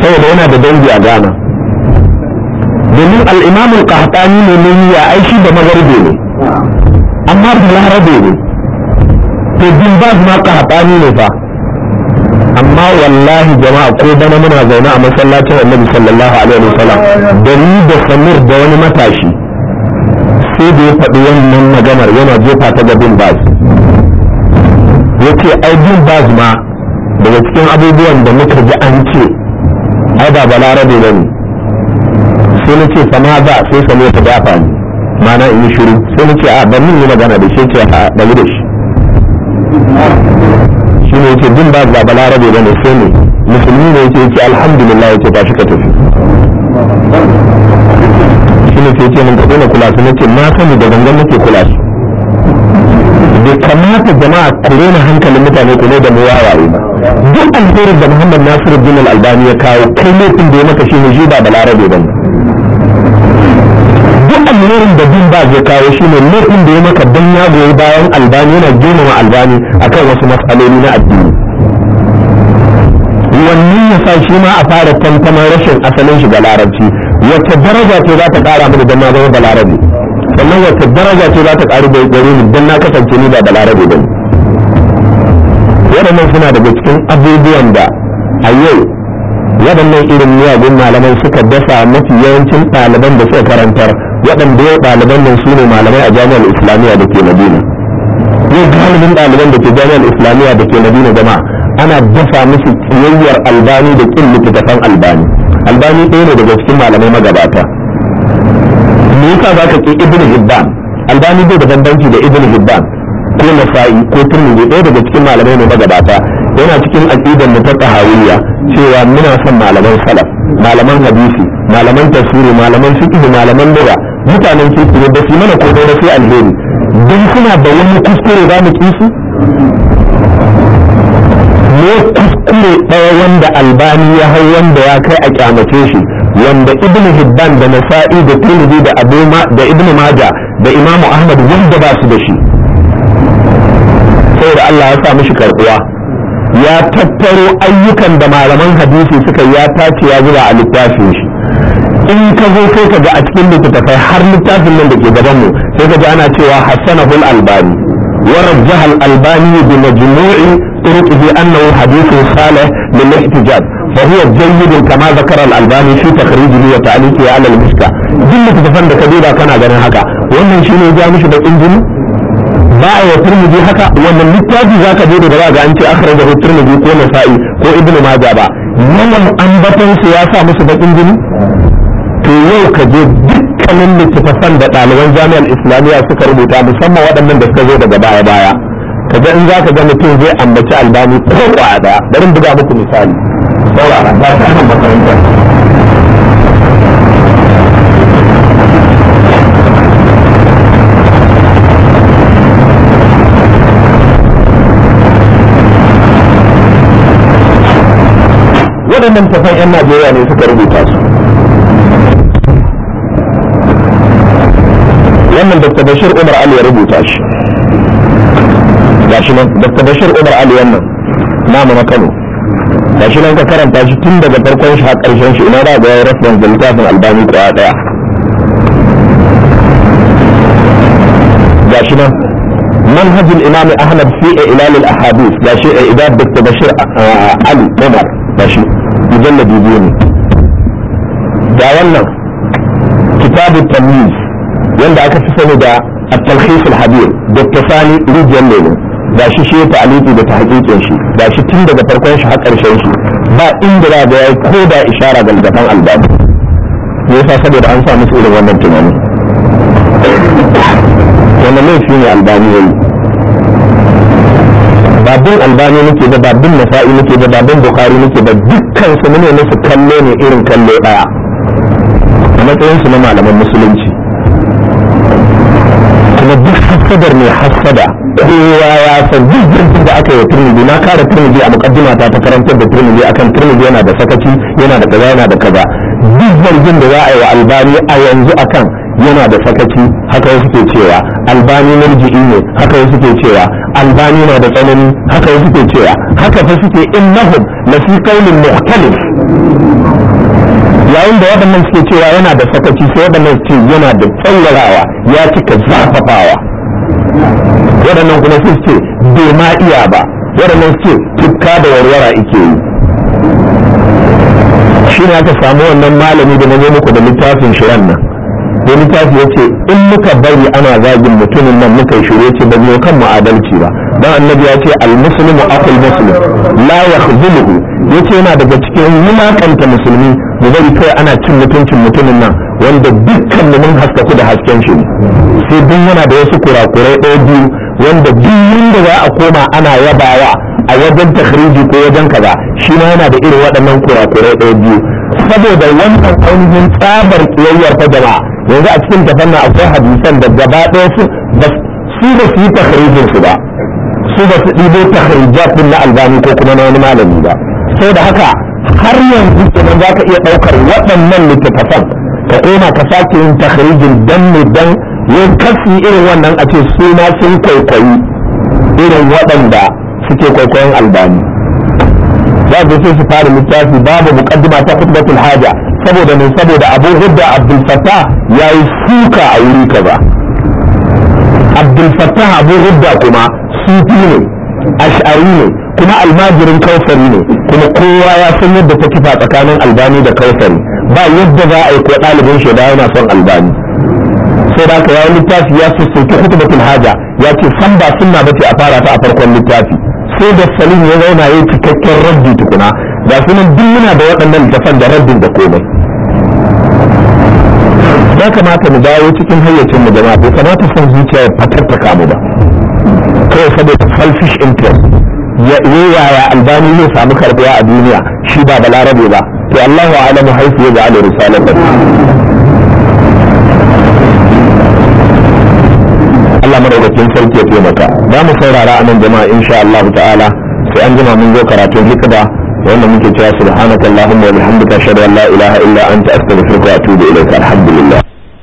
saboda yana da dangi a ghana domin al'imamul qahtani ne ne ya aishi da magarbe ne amma da larabe ne to bin ba ma ka ne fa amma wallahi jama'a ko bana muna zaune a masallacin annabi sallallahu alaihi wasallam da ni da samir da wani matashi sai da ya faɗi wannan maganar yana jefa ta ga bin baz ai bin ma daga cikin abubuwan da muka ji an ce ai ba balarabe ba ne sai na ce sama ba sai samir ta dafa ni mana in yi shiru sai mu ce a ban mun yi magana da shi ce a da da shi shi ne yake jin ba ba balarabe ba ne sai ne musulmi ne yake yake alhamdulillah yake ba shi ka tafi shi ne yake mun kaɗai na kula su nake na sani da gangan nake kula su bai kamata jama'a kure na hankalin mutane ku ne da mu wawaye ba duk alherin da muhammad nasiru bin al-albani ya kawo kai laifin da ya maka shi ne shi ba balarabe ba ne nurin da bin ba zai kawo shi ne nurin da ya maka don ya goyi bayan albani yana girmama albani akan wasu matsaloli na addini wannan ya sa shi ma a fara tantama rashin asalin shi ga larabci wacce daraja ce za ta kara mini don na zama balarabe sannan wacce daraja ce za ta karu da gare ni don na kasance ni ba balarabe ba waɗannan suna daga cikin abubuwan da a yau waɗannan irin miyagun malaman suka dasa mafi yawancin ɗaliban da suka karantar waɗanda yau ɗaliban nan su ne malamai a jami'ar islamiyya da ke madina yau galibin ɗaliban da ke jami'ar islamiyya da ke madina jama'a ana dafa musu kiyayyar albani da kin littattafan albani albani ɗaya ne daga cikin malamai magabata me yasa za ka ƙi ibn hibban albani bai da bambanci da ibn hibban ko nasa'i ko ɗaya daga cikin malamai ne magabata yana cikin aqidar mu ta tahawiyya cewa muna son malaman salaf malaman hadisi malaman tafsiri malaman fiqh malaman lugha mutanen kirki ne su mana ko da sai alheri don suna da wani kuskure za mu kisu ne kuskure ɗaya wanda albani ya hau wanda ya kai a kyamace shi wanda ibn hibban da nasa'i da tirmidhi da abu da ibn maja da imamu ahmad wanda ba su da shi saboda Allah ya sa mishi karbuwa ya tattaro ayyukan da malaman hadisi suka ya tace ya zuba a littafin shi in ka zo sai ka ga a cikin littattafai har littafin nan da ke gaban mu sai ka ji ana cewa hassanahul albani wa rajjaha albani bi majmu'i turuqihi annahu hadithun salih lil ihtijaj fa huwa jayyid kama zakara al-albani fi takhrijihi wa ta'liqihi ala al-mishka duk littattafan da ka duba kana ganin haka wannan shine ya ja mishi da injini ba a yi turmiji haka wannan littafi za ka je da ga an ce da turmiji ko nasa'i ko ibnu majah ba yawan ambaton su ya sa musu bakin jini to yau ka je dukkanin littattafan da ɗaliban jami'ar islamiyya suka rubuta musamman waɗannan da suka zo daga baya baya ka ga in za ka ga mutum zai ambaci albani ko kwaya ɗaya bari buga muku misali saurara ba ta nan makaranta waɗannan tafan 'yan najeriya ne suka rubuta su wannan dr bashir umar ali ya rubuta shi gashi nan dr bashir umar ali wannan namu na kano gashi nan ka karanta shi tun daga farkon shi har karshen shi ina da ga ya reference da littafin albani kwaya daya gashi nan منهج الامام احمد في اعلان الاحاديث شيء إذا بدك تبشر علي عمر ماشي مجلد biyu ne كتاب التمييز wanda aka fi sani da at talhis al-habir dr sani rijiyar ne ga shi shi ta aliki da tahqiqin shi ga shi tun daga farkon shi har karshen shi ba inda za da yayi ko da ishara ga littafin albani me yasa saboda an sa musu irin wannan tunani wannan shi ne albani yayi babin albani nake da babin nasa'i nake da babin bukhari nake da dukkan su ne su kallo ne irin kallo daya a matsayin su na malaman musulunci hasadar mai hasada kowa ya san duk jirgin da aka yi turmudi na kara turmudi a mukaddima ta ta karantar da turmudi akan turmudi yana da sakaci yana da kaza yana da kaza duk zargin da za a yi wa albani a yanzu akan yana da sakaci haka wasu ke cewa albani rijiyi ne haka wasu ke cewa albani na da tsanani haka wasu ke cewa haka fa suke innahum na fi kaunin mukhtalif yayin da waɗannan suke cewa yana da sakaci sai waɗannan suke yana da tsallarawa ya cika zafafawa waɗannan kuma suke bai ma iya ba waɗannan su tukka da warwara ike yi shi ne aka samu wannan malami da na nemi muku da littafin shirin nan da littafi ya ce in muka bari ana zagin mutumin nan muka yi shiru ya ce ba mu kan mu adalci ba dan annabi ya ce al-muslimu aqul muslim la yakhzuluhu yace yana daga cikin yumakanta musulmi mu bari kai ana cin mutuncin mutumin nan wanda dukkan mun haskaku da hasken shi sai duk yana da wasu kurakurai ɗaya biyu wanda duk wanda za a koma ana yabawa a wajen takhriji ko wajen kaza shi ma yana da irin waɗannan kurakurai ɗaya biyu saboda wannan ainihin tsabar kiyayyar ta jama'a yanzu a cikin tafanna akwai hadisan da gaba ɗaya su ba su yi takhrijin su ba su ba su ɗibo tahrijat din na albani ko kuma na wani malami ba sai da haka har yanzu kenan za ka iya ɗaukar waɗannan littattafan ka koma ka sake yin tahrijin dan ne dan yin kasi irin wannan a ce su ma sun kwaikwayi irin waɗanda suke kwaikwayon albani za su sai su fara littafi babu muqaddima ta khutbatul haja saboda ne saboda abu hudda abdul ya yayi suka a wuri kaza abdul fattah abu hudda kuma sufi ne ash'ari ne kuma almajirin kausari ne kuma kowa ya san yadda ta kifa tsakanin albani da kausari ba yadda za a yi ko ɗalibin shaida yana son albani sai da aka yayi littafi ya sassauki hutubatul haja ya ce san ba sunna bace a fara ta a farkon littafi sai da salim ya zauna yayi cikakken rabbi tukuna ga sunan duk muna da waɗannan littafan da rabbin da komai ya kamata mu dawo cikin hayyacin mu jama'a bai kamata son zuciya ya fatattaka mu ba kawai saboda selfish interest ya yaya albani zai samu karbuwa a duniya shi ba balarabe ba to Allahu a'lamu haifu ya ja'ala risalatan Allah madaukakin sarki ya taimaka za mu saurara a nan jama'a insha Allah ta'ala sai an jima mun zo karatun hikda wanda muke cewa subhanakallahumma wa bihamdika ashhadu an la ilaha illa anta astaghfiruka wa atubu ilaika alhamdulillah